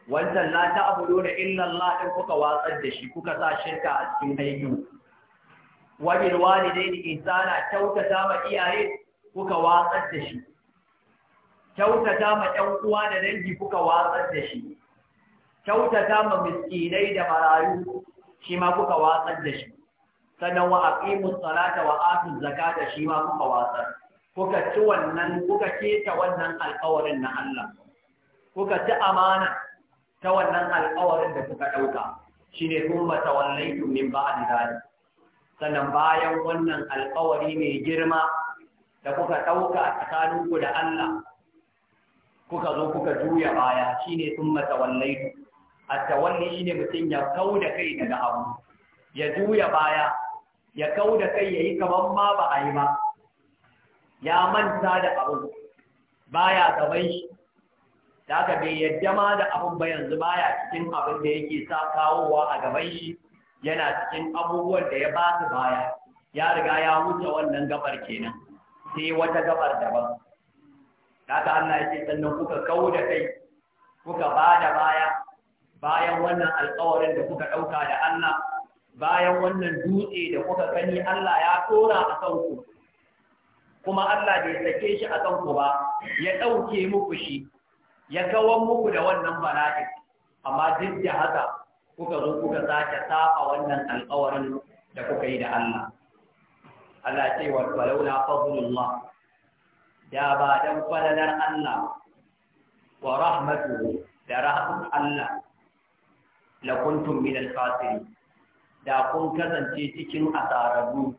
wancan la abu da illa Allah kuka watsar da shi kuka sa shirka a cikin aikin wa bil walidaini insana, kyautata ma iyaye kuka watsar da shi kyautata ma ɗan uwa da dangi kuka watsar da shi kyautata ma miskinai da marayu shi ma kuka watsar da shi sannan wa aqimus salata wa atuz zakata shi ma kuka watsar kuka ci wannan kuka keta wannan alƙawarin na Allah kuka ci amana ta wannan alƙawarin da kuka ɗauka Shi ne kuma tawallaitu min a zalik sannan bayan wannan alƙawari mai girma da kuka ɗauka tsakaninku da Allah kuka zo kuka juya baya Shi shine kuma tawallaitu A tawalli ne mutum ya kauda kai daga abu ya juya baya ya kauda kai ya yi kamar ma ba a yi ba ya manta da ba baya gaban shi da ka bai yadda ma da abun ba yanzu baya cikin abin da yake sa kawowa a gaban shi yana cikin abubuwan da ya ba su baya ya riga ya wuce wannan gabar kenan sai wata gabar daban da ka Allah ya sannan kuka kawo da kai kuka ba da baya bayan wannan alkawarin da kuka ɗauka da Allah bayan wannan dutse da kuka gani Allah ya tsora a kanku kuma Allah bai sake shi a kanku ba ya ɗauke muku shi ya kawo muku da wannan bala'in amma duk da haka kuka zo kuka sake safa wannan alƙawarin da kuka yi da Allah Allah ce wa falaula fadlullah da ba dan falalar Allah wa rahmatuhu da rahmat Allah la kuntum min al da kun kasance cikin asararru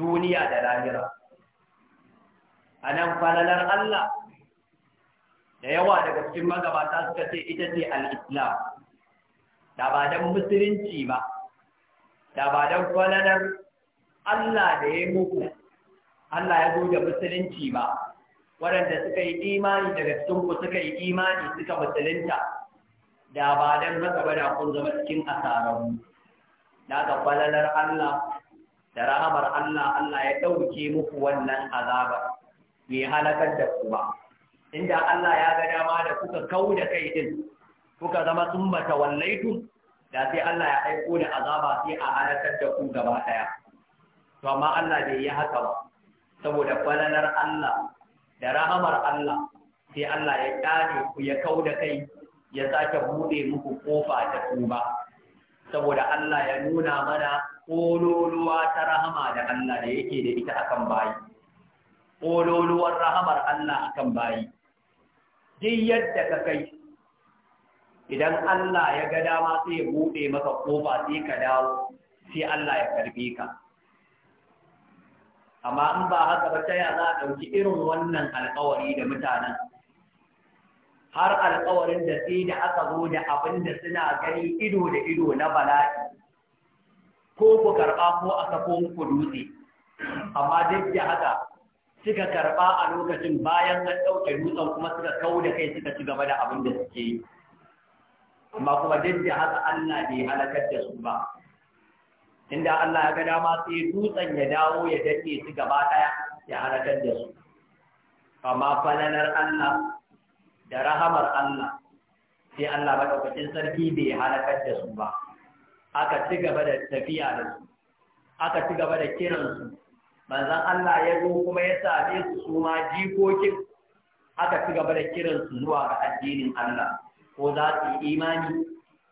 duniya da lahira a nan falalar Allah da yawa daga cikin magabata suka ce ita ce al'islam da ba don musulunci ba da ba don falalar Allah da ya muku Allah ya zo da musulunci ba waɗanda suka yi imani daga cikinku suka yi imani suka musulunta da ba don haka kun zama cikin asararmu da ga falalar Allah da rahamar Allah Allah ya ɗauke muku wannan azabar bai halakar da ku ba inda Allah ya ga dama da kuka kau da kai din kuka zama sun bata wallaitu da sai Allah ya aiko da azaba sai a halakar da ku gaba daya to amma Allah bai yi haka ba saboda falalar Allah da rahamar Allah sai Allah ya kare ku ya kau da kai ya sake bude muku kofa ta tuba saboda Allah ya nuna mana kololuwa ta rahama da Allah da yake da ita akan bayi ƙololuwar rahamar Allah a kan bayi duk yadda ka kai idan Allah ya ga dama sai ya buɗe maka ƙofa sai ka dawo sai Allah ya karfe ka amma in ba haka ba ta yana za ɗauki irin wannan alƙawari da mutanen har alƙawarin da sai da aka zo da abin da suna gani ido da ido na bala'i ko ku karɓa ko a sako muku dutse amma duk da haka suka karɓa a lokacin bayan an ɗauke dutsen kuma suka kawo da kai suka ci gaba da abin da suke yi amma kuma duk da haka Allah bai halakar da su ba inda Allah ya ga dama sai dutsen ya dawo ya daɗe su gaba ɗaya ya halakar da su amma falalar Allah da rahamar Allah sai Allah maɗaukacin sarki bai halakar da su ba aka ci gaba da tafiya da su aka ci gaba da kiransu manzan Allah ya zo kuma ya same su su ma jikokin aka ci gaba da kiransu zuwa ga addinin Allah ko za su yi imani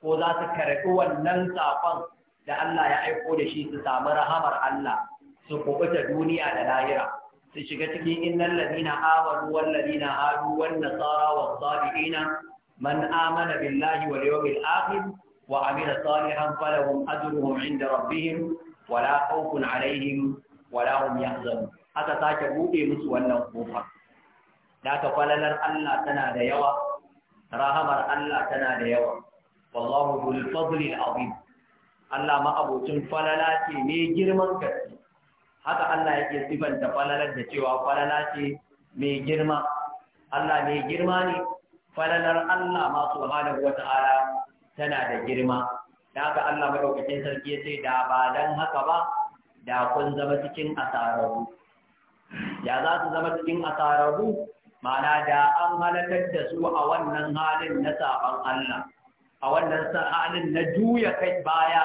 ko za su karɓi wannan saƙon da Allah ya aiko da shi su samu rahamar Allah su kubuta duniya da lahira su shiga cikin innan ladina amanu wal ladina hadu wan nasara was sabiina man amana billahi wal yawmil akhir wa amila salihan falahum ajruhum inda rabbihim wala khawfun alaihim wala hum yahzanu aka sake bude musu wannan kofa da ka falalar Allah tana da yawa rahamar Allah tana da yawa wallahu dhul fadli al-azim Allah ma abocin falala ce ne girman gaske haka Allah yake sifanta falalar da cewa falala ce mai girma Allah mai girma ne falalar Allah ma subhanahu wata'ala tana da girma da haka Allah madaukakin sarki ya ce da ba dan haka ba da kun zama cikin asararru ya za su zama cikin asararru mana da an halakar da su a wannan halin na saban Allah a wannan halin na juya kai baya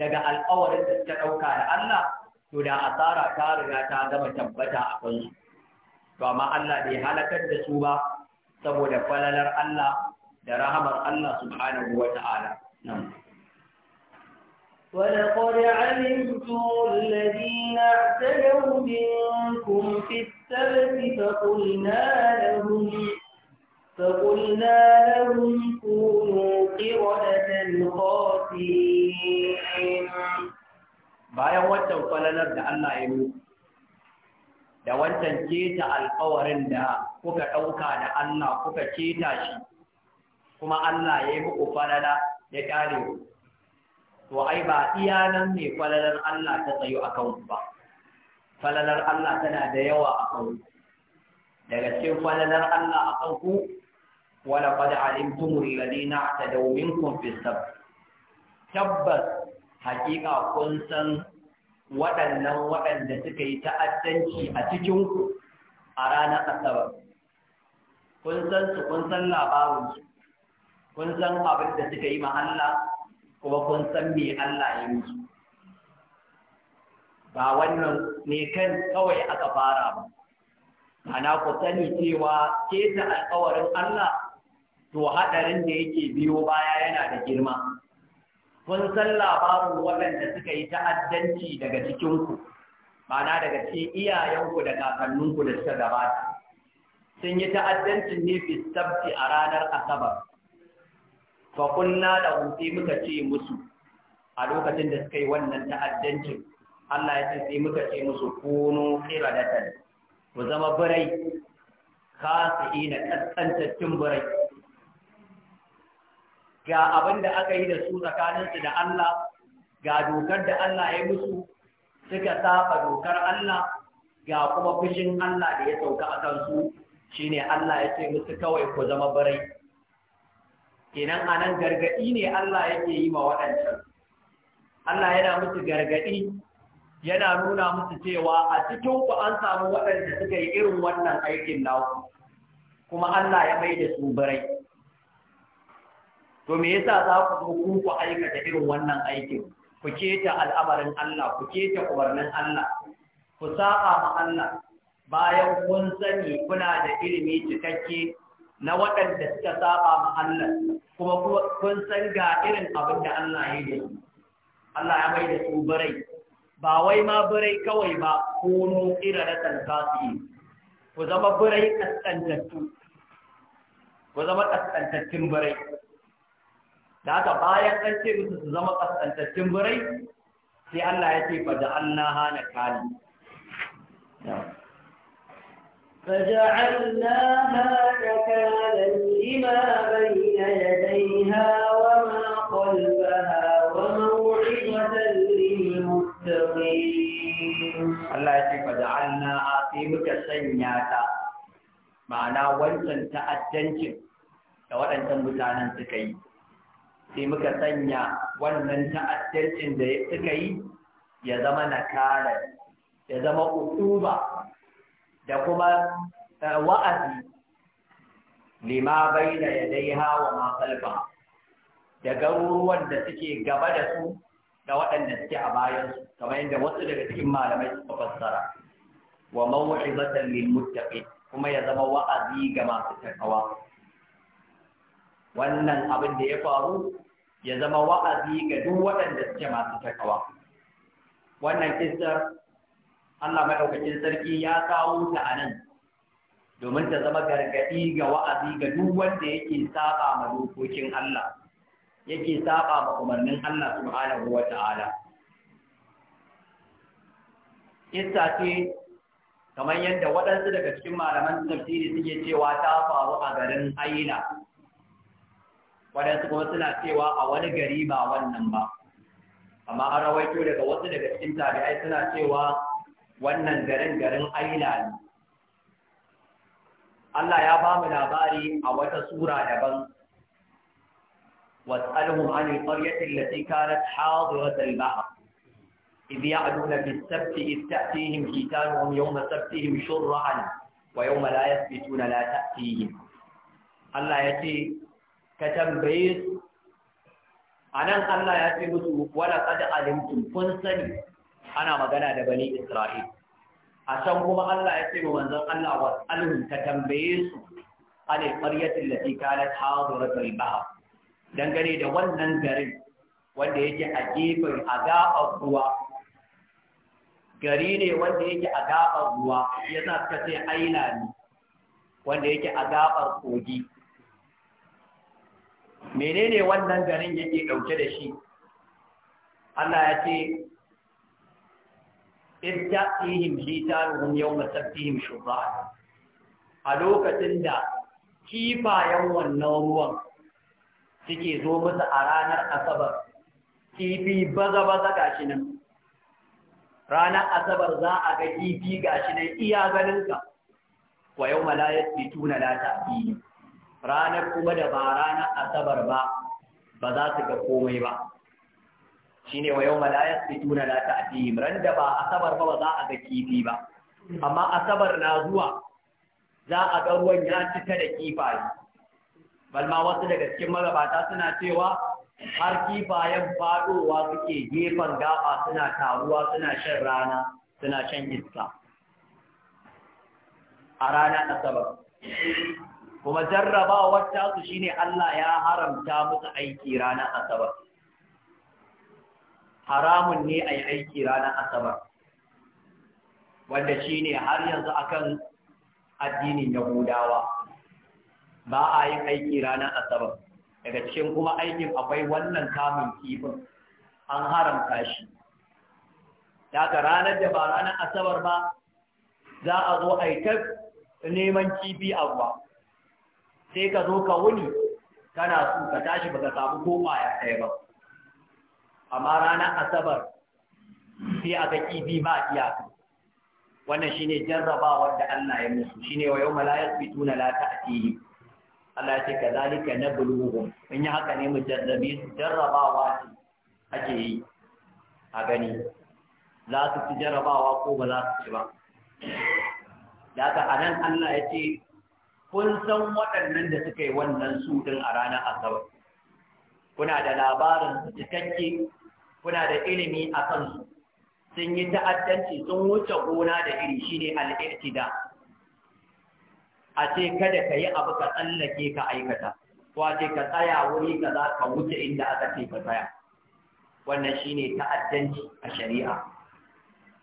daga alƙawarin da suka ɗauka da Allah to da asara ta riga ta zama tabbata a su to amma Allah bai halakar da su ba saboda falalar Allah da rahamar Allah subhanahu wa ta'ala ولقد علمتم الذين اعتدوا منكم في السبت فقلنا لهم فقلنا لهم كونوا قردة خاسرين bayan wancan falalar da Allah ya yi da wancan keta alkawarin da kuka ɗauka da Allah kuka keta shi kuma Allah ya yi muku falala ya ƙare to ai ba iya nan ne falalar Allah ta tsayo a kan ba falalar Allah tana da yawa a kan daga cikin falalar Allah a kan ku wala qad alimtum alladhina na minkum fi sabr tabbas hakika kun san waɗannan waɗanda suka yi ta'addanci a cikinku a ranar asabar kun san su kun san labarinsu, kun san abin da suka yi mahalla kuma kun san me Allah ya yi ba wannan ne kan kawai aka fara ba ana ku sani cewa keta alƙawarin Allah to hadarin da yake biyo baya yana da girma kun san labarin waɗanda suka yi ta'addanci daga cikinku ma'ana daga cikin iyayenku da kakanninku da suka gabata sun yi ta'addancin ne fi sabti a ranar asabar fa kunna da sai muka ce musu a lokacin da suka yi wannan ta'addancin Allah ya ce sai muka ce musu kunu qiradatan ku zama birai khasiina kaskantaccin birai ga abin aka yi da su tsakaninsu da Allah ga dokar da Allah ya musu suka saba dokar Allah ga kuma fushin Allah da ya sauka a kansu shine Allah ya ce musu kawai ku zama birai kenan a nan gargaɗi ne Allah yake yi ma waɗancan Allah yana musu gargaɗi yana nuna musu cewa a cikin ku an samu waɗanda suka yi irin wannan aikin naku kuma Allah ya mai da su birai to me yasa za ku zo ku ku aikata irin wannan aikin ku keta al'amarin Allah ku keta umarnin Allah ku saba ma Allah bayan kun sani kuna da ilimi cikakke na waɗanda suka saba ma Allah kuma kun san ga irin abin da Allah ya yi Allah ya mai da su birai ba wai ma birai kawai ba kono iraratan za su yi ku zama birai ƙasƙantattu, ku zama ƙasƙantattun birai da aka bayan an ce musu su zama ƙasƙantattun birai sai Allah ya ce fa da Allah hana kali فجعلناها نكالا لما بين يديها وما خلفها وموعظة للمتقين الله يقول فجعلناها في مكسنياتا ma'ana wancan ta'addancin da waɗancan mutanen suka yi sai muka sanya wannan ta'addancin da suka yi ya zama nakarar ya zama ukuba da kuma eh, wa'azi lima bai da yadaiha wa ma khalfa da garuruwan da suke gaba da su da waɗanda suke a bayan kamar yadda wasu daga cikin malamai suka fassara wa maw'izatan lil muttaqin kuma ya zama wa'azi ga masu takawa wannan abin da ya faru ya zama wa'azi ga duk waɗanda suke masu takawa wannan kissar Allah maɗaukacin sarki ya kawo ta a nan domin ta zama gargaɗi ga wa'azi ga duk wanda yake saba ma dokokin Allah yake saba ma umarnin Allah subhanahu wa ta'ala Kissa ce kamar yadda waɗansu daga cikin malaman tafsiri suke cewa ta faru a garin aina, waɗansu kuma suna cewa a wani gari ba wannan ba amma an rawaito daga wasu daga cikin tabi'ai suna cewa wannan garin garin aila ne Allah ya ba mu labari a wata sura daban was'alhum an qaryati allati kanat hadirat al-bahr إذ يعدون في السبت إذ تأتيهم yawma يوم shurran wa yawma la yasbituna la ta'tihim Allah ya ce, Ka tambaye su, a nan Allah ya ce musu, wala kada alimtum kun sani, ana magana da bani Isra'il a can kuma Allah ya ce wa manzon Allah wa alhum ta tambaye su da fi lati ta zura bahr dangane da wannan garin wanda yake a gefen gaɓar ruwa gari ne wanda yake a gaɓar ruwa ya za ka ce aina ne wanda yake a gaɓar kogi menene wannan garin yake dauke da shi Allah ya ce إذ تأتيهم حيتانهم يوم سبتهم شضاعا da دا كيفا يوم ruwan suke zo musu a ranar asabar kifi baza-baza gashi nan ranar asabar za a ga kifi gashi nan iya ganinka wa yau malayar fituna lata ranar kuma da ba ranar asabar ba ba za su ga komai ba shine wa yawma la yasbituna la ta'tihim randa ba asabar ba ba za a ga kifi ba amma asabar na zuwa za a ga ruwan ya cika da kifaye balma wasu daga cikin magabata suna cewa har kifayen fadowa suke gefen gaba suna taruwa suna shan rana suna shan iska a ranar asabar kuma jarrabawar tasu shine Allah ya haramta musu aiki ranar asabar haramun ne a yi aiki ranar asabar wanda shi ne har yanzu akan addinin yahudawa ba a yin aiki ranar asabar daga cikin kuma aikin akwai wannan kamun kifin an haramta shi daga ranar da ba ranar asabar ba za a zo a yi ta neman kifi a ruwa sai ka zo ka wuni kana su ka tashi ba ka samu koma ya ɗaya ba amma ranar asabar sai aka kifi ba iyaka wannan shine jarrabawa da Allah ya musu shine wa yawma la yasbituna la ta'tihim Allah ya ce kazalika nabluhum in yi haka ne mu jarrabi su jarrabawa ake yi a gani za su ci jarrabawa ko ba za su ci ba da ka anan Allah ya ce kun san waɗannan da suka yi wannan su din a ranar asabar kuna da labarin su cikakke kuna da ilimi a kansu sun yi ta'addanci sun wuce gona da iri shine al-iktida a ce kada ka yi abu ka tsallake ka aikata ko ce ka tsaya wuri ka za ka wuce inda aka ce ka tsaya wannan shine ta'addanci a shari'a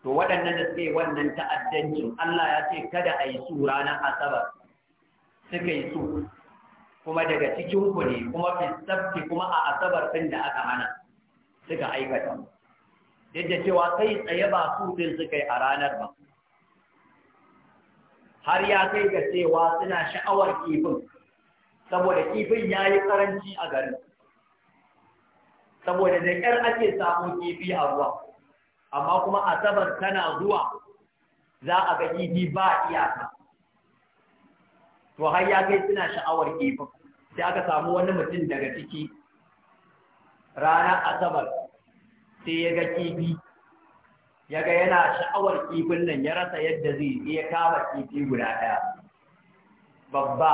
to waɗannan da suke wannan ta'addancin Allah ya ce kada a yi su ranar asabar suka yi su kuma daga cikin ku ne kuma fi kuma a asabar ɗin da aka hana suka aikata duk da cewa kai tsaye ba su din suka yi a ranar ba har ya kai ga cewa suna sha'awar kifin saboda kifin ya yi karanci a garin saboda da ƙyar ake samun kifi a ruwa amma kuma asabar tana zuwa za a ga kifi ba iyaka to har ya kai suna sha'awar kifin sai aka samu wani mutum daga ciki ranar asabar sai ya ga kifi ya ga yana sha'awar kifin nan ya rasa yadda zai iya kama kifi guda ɗaya babba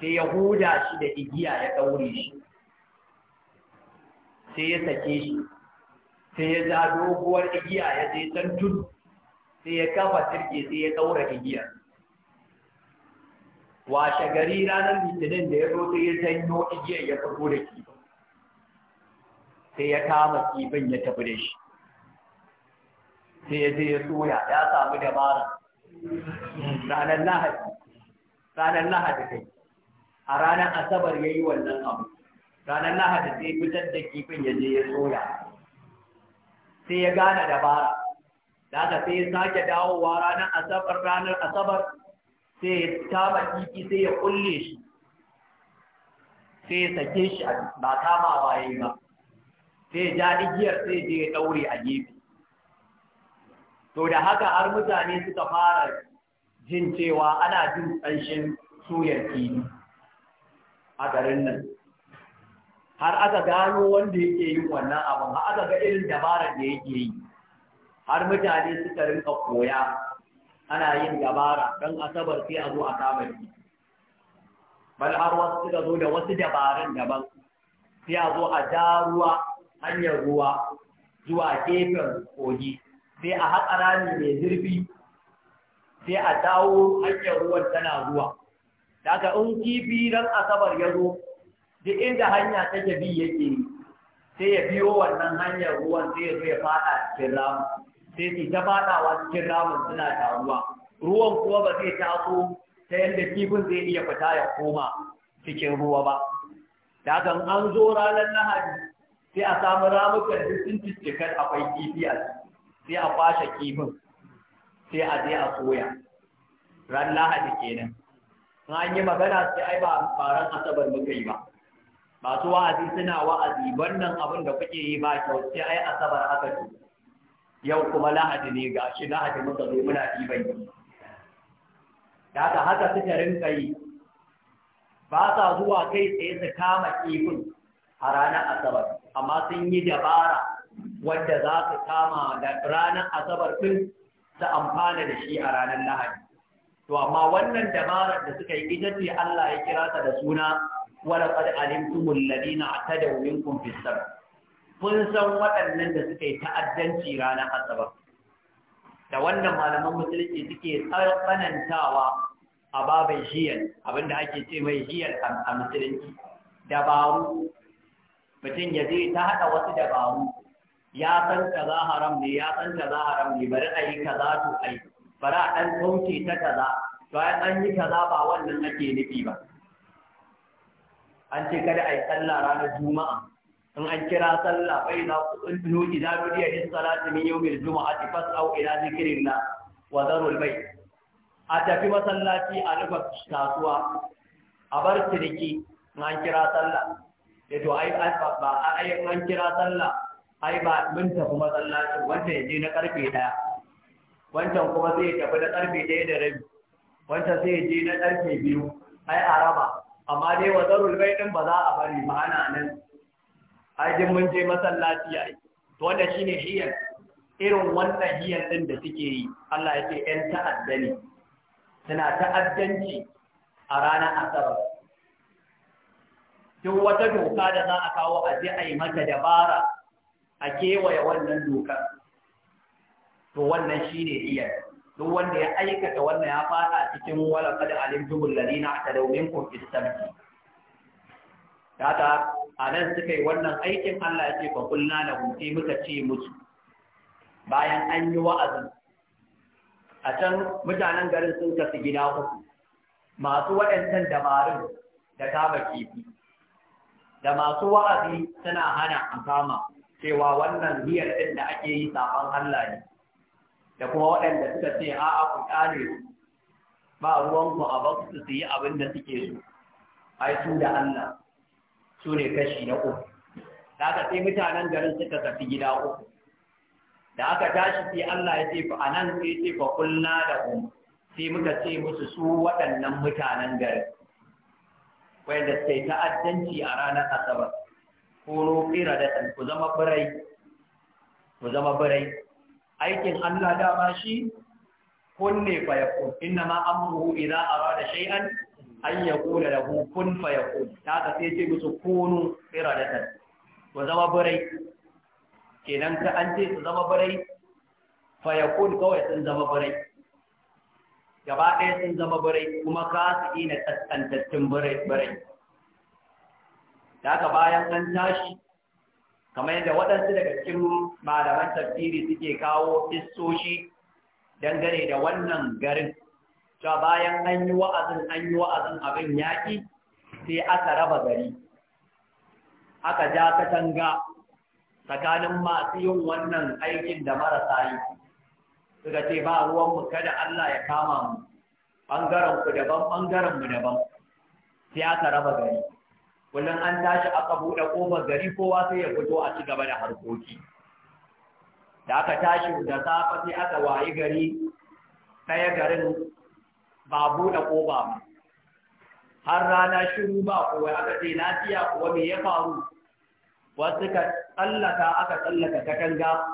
sai ya huda shi da igiya ya ɗaure shi sai ya sake shi sai ya ja doguwar igiya ya je san tudu sai ya kafa sirke sai ya ɗaura igiyar washe gari ranar litinin da ya zo sai ya janyo igiyar ya fito da kifi sai ya kama kifin ya tafi da shi sai ya je ya soya ya samu dabara ranar lahadi ranar lahadi kai a ranar asabar ya yi wannan abu ranar lahadi sai fitar da kifin ya je ya soya sai ya gane dabara daga sai ya sake dawowa ranar asabar ranar asabar sai ya kama kifi sai ya kulle shi sai ya sake shi ba kama ba yi ba sai ja igiyar sai je ya daure a gefe to da haka har mutane suka fara jin cewa ana jin tsanshin suyar kifi a garin nan har aka gano wanda yake yin wannan abin har aka ga irin dabara da yake yi har mutane suka rinka koya ana yin dabara don asabar sai a zo a kama shi bal har wasu suka zo da wasu dabarun daban sai a zo a ja ruwa hanyar ruwa zuwa gefen kogi sai a haƙa rami mai zurfi sai a dawo hanyar ruwan tana zuwa daga in kifi ran asabar ya zo duk inda hanya take bi yake sai ya biyo wannan hanyar ruwan sai ya zo ya fada cikin ramin sai su ta fadawa cikin ramin suna taruwa ruwan kuma ba zai taso ta yadda kifin zai iya fita ya koma cikin ruwa ba daga an zo ranar lahadi sai a samu ramukan duk sun cikin akwai kifi a sai a kwashe kifin sai a je a soya ran lahadi kenan in an yi magana sai ai ba ran asabar muka yi ba masu wa'azi suna wa'azi wannan abin da kuke yi ba kyau sai ai asabar aka ce yau kuma lahadi ne ga shi lahadi muka zo muna ɗiban da haka haka suka rinka yi ba sa zuwa kai tsaye su kama kifin a ranar asabar amma sun yi dabara wadda za su kama da ranar asabar ɗin su amfana da shi a ranar lahadi to amma wannan dabarar da suka yi ita ce Allah ya kira ta da suna wala qad alimtumul ladina atadaw minkum fis sabr kun san waɗannan da suka yi ta'addanci ranar asabar da wannan malaman musulunci suke tsanantawa a babin jiyan abinda ake ce mai jiyan a musulunci dabaru mutum ya je ta haɗa wasu dabaru ya san kaza haram ne ya san kaza haram ne bari a yi kaza to ai bari a ɗan kauce ta kaza to ai an yi kaza ba wannan ake nufi ba an ce kada a yi sallah ranar juma'a in an kira sallah bai za ku tsuntuno idan iya yin salatu min yawmil fas au ila na wa zarul bai a tafi masallaci a nufa kasuwa a bar ciniki in an kira sallah ya to ai ba ai an kira sallah ai ba mun tafi masallacin wanda ya je na karfe daya wancan kuma sai ya tafi na karfe daya da rabi wancan sai ya je na karfe biyu ai a raba amma dai wa zarul bai din ba za a bari ba ana nan ai din mun je masallaci ai to wanda shine hiyar irin wannan hiyar din da suke yi Allah ya ce 'yan ta'adda ne suna ta'addanci a ranar asabar duk wata doka da za a kawo a je a yi mata dabara a kewaye wannan dokar to wannan shi ne iya duk wanda ya aikata wannan ya fada cikin wala kada alim jubul ladina atadaw minkum fis sabti daga anan suka yi wannan aikin Allah ya ce fa kullana na sai muka ce musu bayan an yi wa'azin a can mutanen garin sun kasu gida uku masu waɗancan dabarun da kama kifi da masu wa'azi suna hana a kama cewa wannan biyar ɗin da ake yi saban Allah ne da kuma waɗanda suka ce a'a ku ƙare ba ruwanku a ba su su yi abin da suke so ai su da Allah su ne kashi na uku da aka sai mutanen garin suka tafi gida uku da aka tashi sai Allah ya ce a nan sai tefa kulla da um sai muka ce musu su waɗannan mutanen garin wanda sai ta'addanci a ranar asabar kuro kira da ku zama birai ku zama birai aikin Allah dama shi kunne fa yakun inna ma amruhu idza arada shay'an an yaqula lahu kun fa yakun ta ka sai ce musu kunu ɗan. ku zama birai kenan ka an ce su zama birai fa yakun kawai sun zama birai gaba ɗaya sun zama birai kuma ka su ina tsantsantattun birai da aka bayan an tashi kamar yadda waɗansu daga cikin malaman tafsiri suke kawo istoshi dangane da wannan garin cewa bayan an yi wa'azin an yi wa'azin abin yaƙi sai aka raba gari aka ja katanga tsakanin masu yin wannan aikin da marasa yi suka ce ba ruwanmu kada Allah ya kama mu ɓangarenku ku daban ɓangarenmu daban sai aka raba gari kullum an tashi aka buɗe ƙofar gari kowa sai ya fito a ci gaba da harkoki da aka tashi da safe sai aka wayi gari ɗaya garin ba buɗe ƙofa ba har rana shiru ba kowa aka ce lafiya kuwa me ya faru wasu ka tsallaka aka tsallaka katanga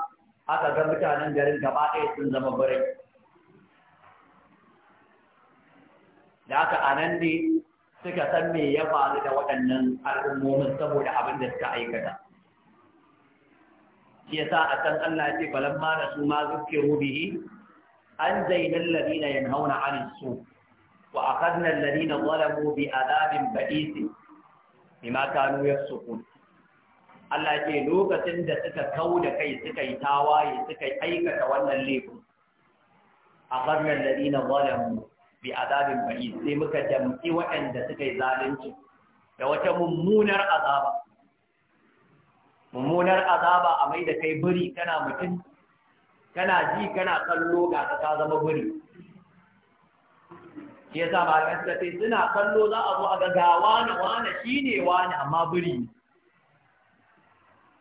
aka ga mutanen garin gaba ɗaya sun zama birai da aka anan ne suka san me ya faru da waɗannan al'ummomin saboda abin da suka aikata shi sa a can Allah ce falamma da su ma zukkiru bihi an zaina alladhina yanhauna 'anil su wa akhadna alladhina zalamu bi adabin ba'is bima kanu yafsukun Allah ce lokacin da suka kau da kai suka yi tawaye suka aikata wannan laifin a ƙarnar da dina zalamu bi azabin ba'id sai muka jam'i waɗanda suka yi zalunci da wata mummunar azaba mummunar azaba a mai da kai biri kana mutum kana ji kana kallo ga ka zama biri shi yasa ba ga suna kallo za a zo a ga gawa na wane shine wane amma biri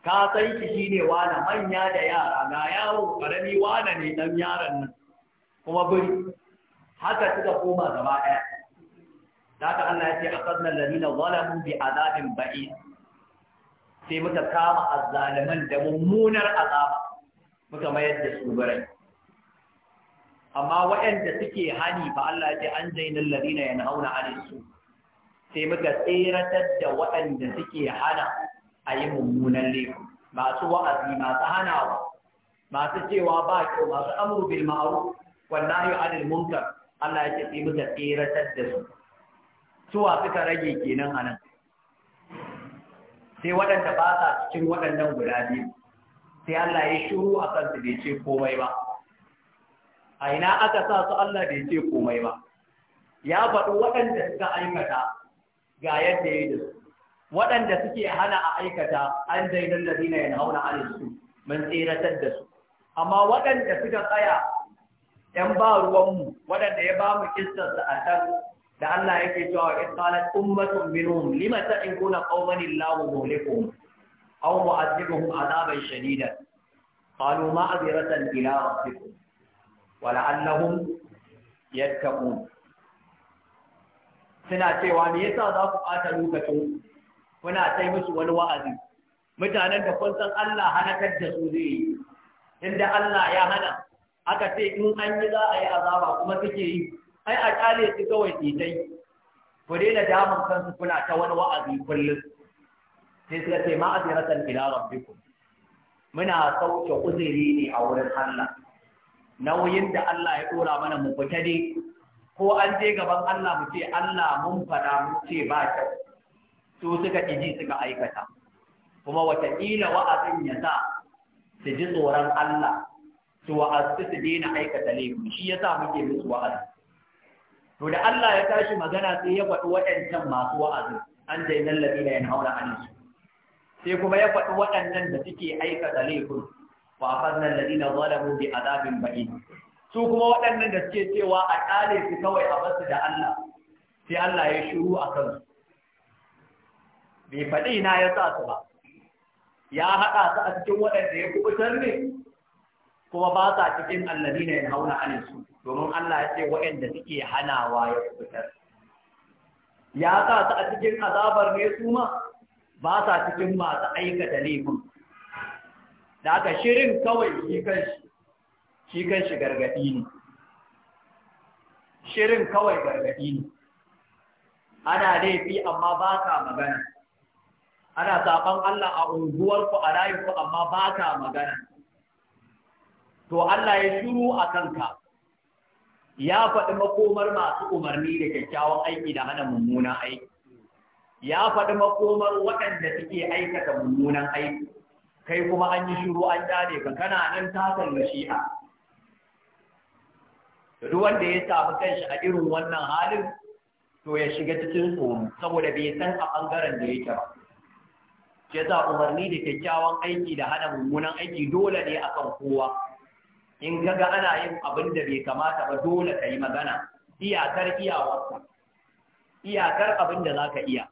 ka san shi ne wana manya da yara na yaro ƙarami. wana ne ɗan yaron nan kuma buri haka suka koma gaba daya da Allah ya ce aqadna alladhina zalamu bi adabin ba'id sai muka kama azzaliman da mummunar azaba muka mayar da su barai amma waɗanda suke hani fa Allah ya ce an zainal ladina yanhauna 'anil su sai muka tseratar da waɗanda suke hana a yi mummunan laifin masu wa'azi masu hanawa masu cewa ba kyau masu amru bil ma'ruf yi anil munka Allah ya ce sai muka tseratar da su suwa suka rage kenan anan sai waɗanda ba sa cikin waɗannan guda biyu sai Allah ya shiru a su bai ce komai ba a ina aka sa su Allah bai ce komai ba ya faɗi waɗanda suka aikata ga yadda ya yi da su waɗanda suke hana a aikata an zainar da zina yana hauna alisu mun tseratar da su amma waɗanda suka tsaya ‘yan ba ruwanmu waɗanda ya ba mu kistarsa a can da Allah yake cewa iskalar ummatun minhum lima ta in kuna qaumanin lahu muhlikum aw mu'adzibuhum azaban shadidan qalu ma'ziratan ila rabbikum wa la'allahum yattaqun suna cewa me yasa za ku ɓata lokacin kuna sai musu wani wa'azi mutanen da kun san Allah halakar da su zai yi inda Allah ya hana aka ce in an yi za a yi azaba kuma suke yi ai a kale su kawai titai ku daina damun kansu kuna ta wani wa'azi kullum sai suka ce San ila rabbikum muna sauke uzuri ne a wurin Allah nauyin da Allah ya dora mana mu fita dai ko an je gaban Allah mu ce Allah mun fada mu ce ba kyau su suka ƙiji suka aikata kuma wataƙila wa'azin ya sa su ji tsoron Allah su wa'azci su daina aikata laifin shi ya sa muke musu wa'azi to da Allah ya tashi magana sai ya faɗi waɗancan masu wa'azi an dai nan lafi da yana haura an su sai kuma ya faɗi waɗannan da suke aikata laifin fa afannan ladina zalamu bi a zafin ba'id su kuma waɗannan da suke cewa a ƙale su kawai a basu da Allah sai Allah ya shiru a kansu mai faɗi na ya sa su ba ya haɗa su a cikin waɗanda ya kubutar ne kuma ba sa cikin allazi ne ya hauna su domin Allah ya ce waɗanda suke hanawa ya kubutar ya sa su a cikin azabar ne su ma ba sa cikin masu aikata laifin da aka shirin kawai shi kanshi shi kanshi gargaɗi ne shirin kawai gargaɗi ne ana laifi amma ba ka magana ana saɓan Allah a unguwarku a rayuku amma ba ka magana to Allah ya shiru a kanka ya faɗi makomar masu umarni da kyakkyawan aiki da hana mummunan aiki ya faɗi makomar waɗanda suke aikata mummunan aiki kai kuma an yi shiru an dade ka kana nan takan shi'a duk wanda ya samu kanshi a irin wannan halin to ya shiga cikin tsoro saboda bai san a ɓangaren da yake ba ke yasa umarni da kyakkyawan aiki da hana mummunan aiki dole ne akan kowa in kaga ana yin abin da bai kamata ba dole ka yi magana iyakar iyawarka iyakar abin da za ka iya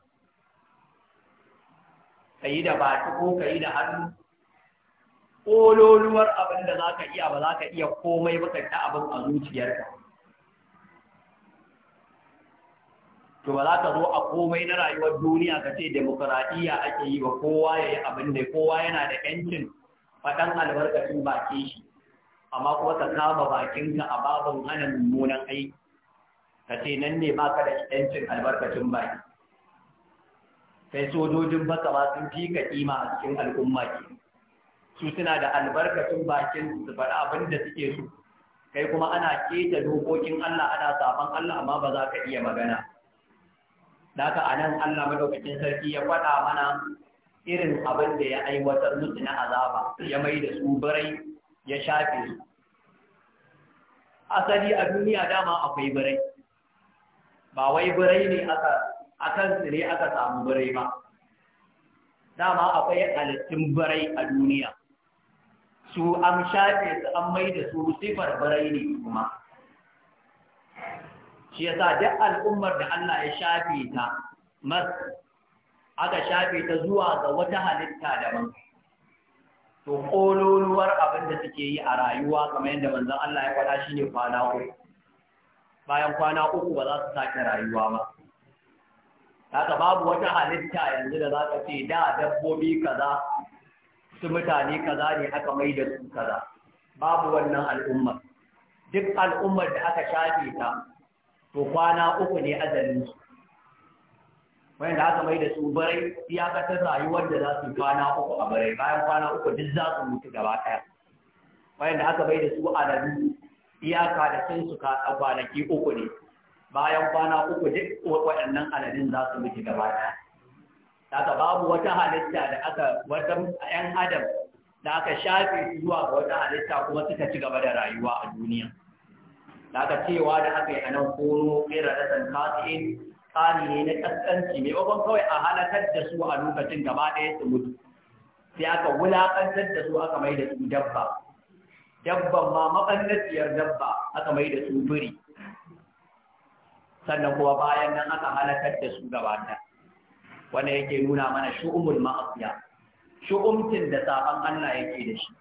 ka yi da baki ko ka yi da hannu ƙololuwar abin da za ka iya ba za ka iya komai ba ka ta abin a zuciyarka to ba za ka zo a komai na rayuwar duniya ka ce demokuraɗiyya ake yi ba kowa ya yi abin da kowa yana da ‘yancin faɗan albarkacin baki shi amma kuma ka kama bakinka a babin hana mummunan aiki ka ce nan ne ba ka da ‘yancin albarkacin baki sai sojojin baka ba sun fi ka kima a cikin al'umma ke su suna da albarkacin bakin su faɗa abin da suke so kai kuma ana keta dokokin Allah ana safan Allah amma ba za ka iya magana da haka anan Allah madaukakin sarki ya faɗa mana irin abin da ya aiwatar musu na azaba ya mai da su barai ya shafe su asali a duniya dama akwai birai ba wai birai ne a kan su aka samu birai ba dama akwai halittun birai a duniya su an shafe su an mai da su sifar birai ne kuma shi yasa duk al'ummar da Allah ya shafe ta mas aka shafe ta zuwa ga wata halitta daban to kololuwar abin da suke yi a rayuwa kamar yadda manzon Allah ya faɗa shine kwana uku bayan kwana uku ba za su sake rayuwa ba haka babu wata halitta yanzu da za ka ce da dabbobi kaza su mutane kaza ne aka mai da su kaza babu wannan al'ummar duk al'ummar da aka shafe ta to kwana uku ne azalin su da aka mai da su barai iyakatar rayuwar da za su kwana uku a barai bayan kwana uku duk za su mutu gaba ɗaya da aka mai da su aladu iyaka da sun su kwanaki uku ne bayan kwana uku duk waɗannan aladun za su mutu gaba daya daga babu wata halitta da aka wata ƴan adam da aka shafe zuwa ga wata halitta kuma suka ci gaba da rayuwa a duniya. daga cewa da aka yi a nan kono kera da san kasi'in tsari ne na kaskanci mai wakon kawai a halakar da su a lokacin gaba ɗaya su mutu sai aka wulaƙantar da su aka mai da su dabba dabban ma makannaciyar dabba aka mai da su biri sannan kuma bayan nan aka halakar da su gaba ɗaya wanda yake nuna mana shu'umul ma'asiya shu'umtin da saban Allah yake da shi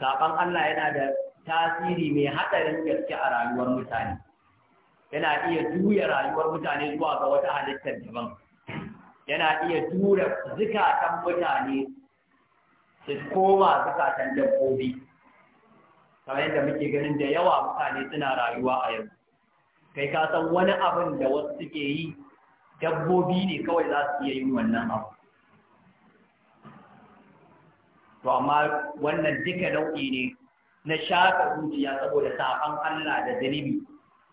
saban Allah yana da tasiri mai hatsarin gaske a rayuwar mutane yana iya juya rayuwar mutane zuwa ga wata halittar daban yana iya tura zikatan mutane su koma zukatan dabbobi kamar yadda muke ganin da yawa mutane suna rayuwa a yau kai ka san wani abin da wasu suke yi dabbobi ne kawai za su iya yin wannan abu to amma wannan duka nau'i ne na shafa zuciya saboda safan Allah da zunubi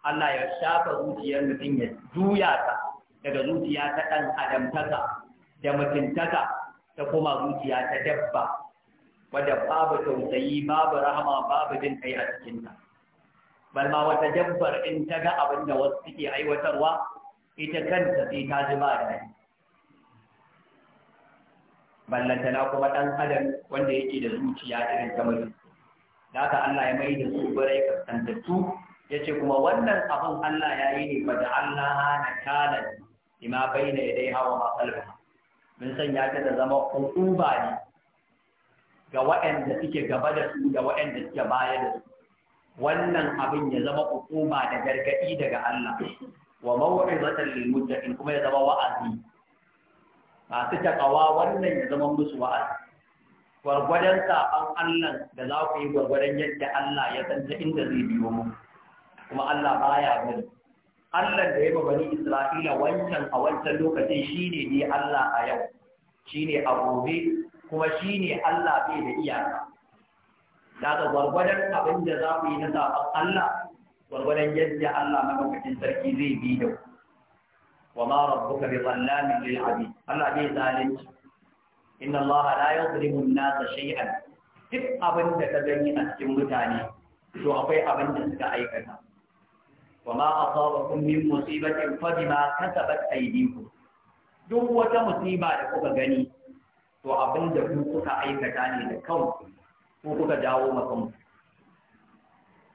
Allah ya shafa zuciyar mutum ya juya ta daga zuciya ta ɗan adamtaka da mutuntaka ta kuma zuciya ta dabba wadda babu tausayi babu rahama babu jin kai a cikinta bal ma wata dabbar in ta ga abin da wasu suke aiwatarwa ita kanta sai ta ji ba daɗi. ballantana kuma ɗan adam wanda yake da zuciya irin ta mutum da ta Allah ya mai da su barai kaskantattu ya ce kuma wannan abin Allah ya yi ne ba da Allah na kalan ima bai na ya dai hawa matsalba mun sanya ta da zama hukuma ne ga waɗanda suke gaba da su da waɗanda suke baya da su wannan abin ya zama hukuma da gargaɗi daga Allah wa mawu'izatan lil in kuma ya zama wa'azi masu takawa wannan ya zama musu wa'azi gwargwadon sa'an Allah da za ku yi gwargwadon yadda Allah ya san ta inda zai biyo mu kuma Allah baya bari Allah da ya bani Isra'ila wancan a wancan lokacin shine ne Allah a yau shine a gobe kuma shine Allah bai da iyaka daga gwargwadon abin da za ku yi na sa'an Allah gwargwadon yadda Allah na madaukakin sarki zai bi da wa ma rabbuka bi zallamin lil abid Allah bai zalunci inna Allah la yuzlimu an-nasa shay'an duk abin da ka gani a cikin mutane to akwai abin da suka aikata wa ma asabakum min musibatin fa bima kasabat aydikum duk wata musiba da kuka gani to abin da ku kuka aikata ne da kanku ko kuka jawo ma kanku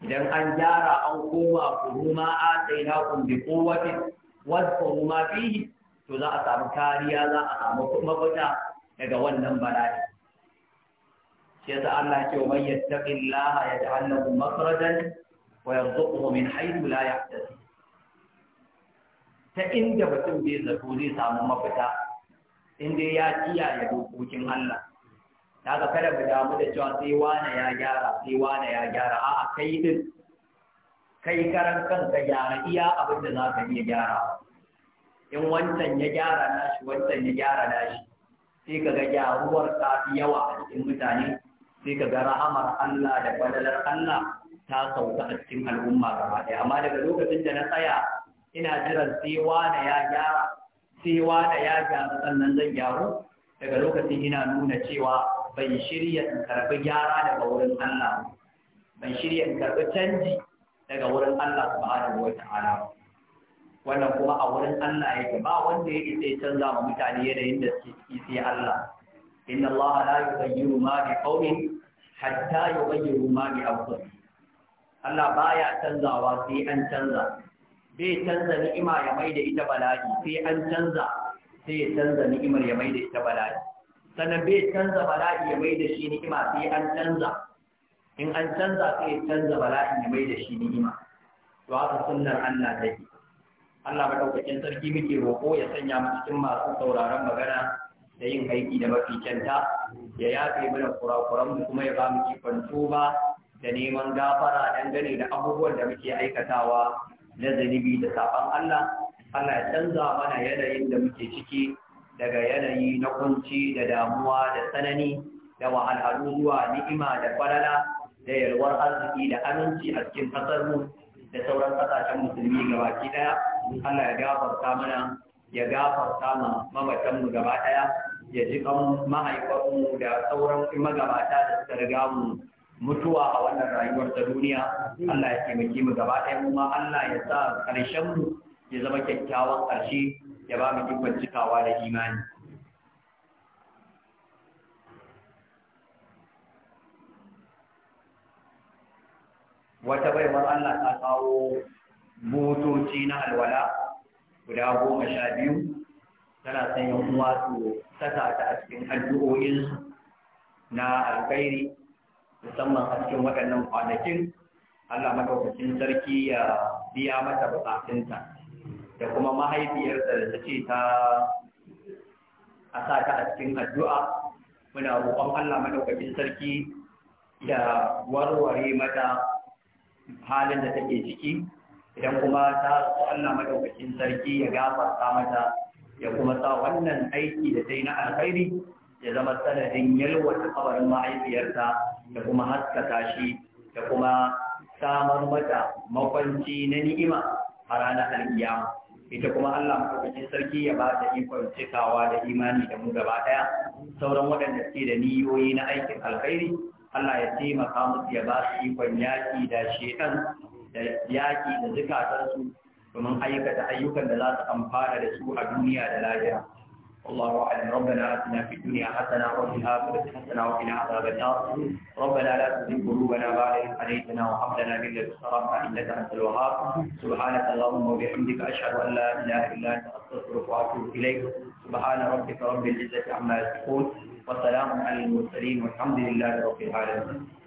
idan an gyara an koma kuruma a tsaina kun bi kowace wasu kuruma fihi to za a samu kariya za a samu mafita daga wannan bala'i shi yasa Allah ce wa ya yaj'al lahu makhrajan wa yarzuquhu min haythu la yahtasib ta inda mutum bai zato zai samu mafita in dai ya kiyaye dokokin Allah daga kada mu damu da cewa sai wane ya gyara sai wane ya gyara a'a kai din kai karan kanka gyara iya abin da za ka iya gyara in wancan ya gyara nashi wancan ya gyara nashi sai ka ga gyaruwar ta fi yawa a cikin mutane sai ka ga rahamar Allah da fadalar Allah ta sauka a cikin al'umma gaba ɗaya amma daga lokacin da na tsaya ina jiran sai da ya gyara sai da ya gyara sannan zan gyaru daga lokacin ina nuna cewa ban shirya in karɓi gyara daga wurin Allah ban shirya in karɓi canji daga wurin Allah subhanahu wa ta'ala wannan kuma a wurin Allah yake ba wanda yake sai canza ma mutane yanayin da suke ciki sai Allah inna Allah la yughayyiru ma bi qaumin hatta yughayyiru ma bi anfusihim Allah baya canzawa sai an canza bai canza ni'ima ya mai da ita bala'i sai an canza sai ya canza ni'imar ya mai da ita bala'i sannan bai canza bala'i ya mai da shi ni'ima sai an canza in an canza sai ya canza bala'i ya mai da shi ni'ima to haka sunnar Allah take Allah maɗaukakin sarki muke roƙo ya sanya mu cikin masu sauraron magana da yin aiki da mafi kyanta ya yafe mana kurakuran mu kuma ya ba mu kifan tuba da neman gafara dan gane da abubuwan da muke aikatawa na zunubi da saban Allah Allah ya canza mana yanayin da muke ciki daga yanayi na kunci da damuwa da tsanani da wahalhalu zuwa ni'ima da falala da yalwar arziki da aminci a cikin ƙasarmu da sauran ƙasashen musulmi gabaki ɗaya Allah ya gafarta mana ya gafarta ma mamatanmu gaba ɗaya ya ji kan mahaifarmu da sauran magabata da suka riga mu mutuwa a wannan rayuwar ta duniya Allah ya taimake mu gaba ɗaya kuma Allah ya sa ƙarshen mu ya zama kyakkyawan ƙarshe ya ba mu dukkan cikawa da imani wata baiwar Allah ta kawo motoci na alwala guda goma sha biyu tana sanya kuma su saka ta a cikin addu'o'insu na alkhairi musamman a cikin waɗannan kwanakin Allah madaukakin sarki ya biya mata buƙatunta. da kuma mahaifiyarsa da ta ce ta a sa ta a cikin addu'a muna roƙon Allah madaukakin sarki ya warware mata halin da take ciki idan kuma ta su Allah madaukakin sarki ya gafarta mata ya kuma sa wannan aiki da ta yi na alkhairi ya zama sanadin yalwata kabarin mahaifiyarta da kuma haskaka shi da kuma samar mata makwanci na ni'ima a ranar alkiyama ita kuma Allah madaukakin sarki ya ba ta ikon cikawa da imani da mu gaba ɗaya sauran waɗanda suke da niyoyi na aikin alkhairi Allah ya taimaka musu ya ba su ikon yaƙi da shedan da yaƙi da zukatansu domin aikata ayyukan da za su amfana da su a duniya da lahira والله اعلم ربنا اتنا في الدنيا حسنه وفي الاخره حسنه وقنا عذاب النار ربنا لا تزغ قلوبنا بعد اذ هديتنا وهب لنا من لدنك رحمه انك انت الوهاب سبحانك اللهم وبحمدك اشهد ان لا اله الا انت استغفرك واتوب اليك سبحان ربك رب العزه عما يصفون وسلام على المرسلين والحمد لله رب العالمين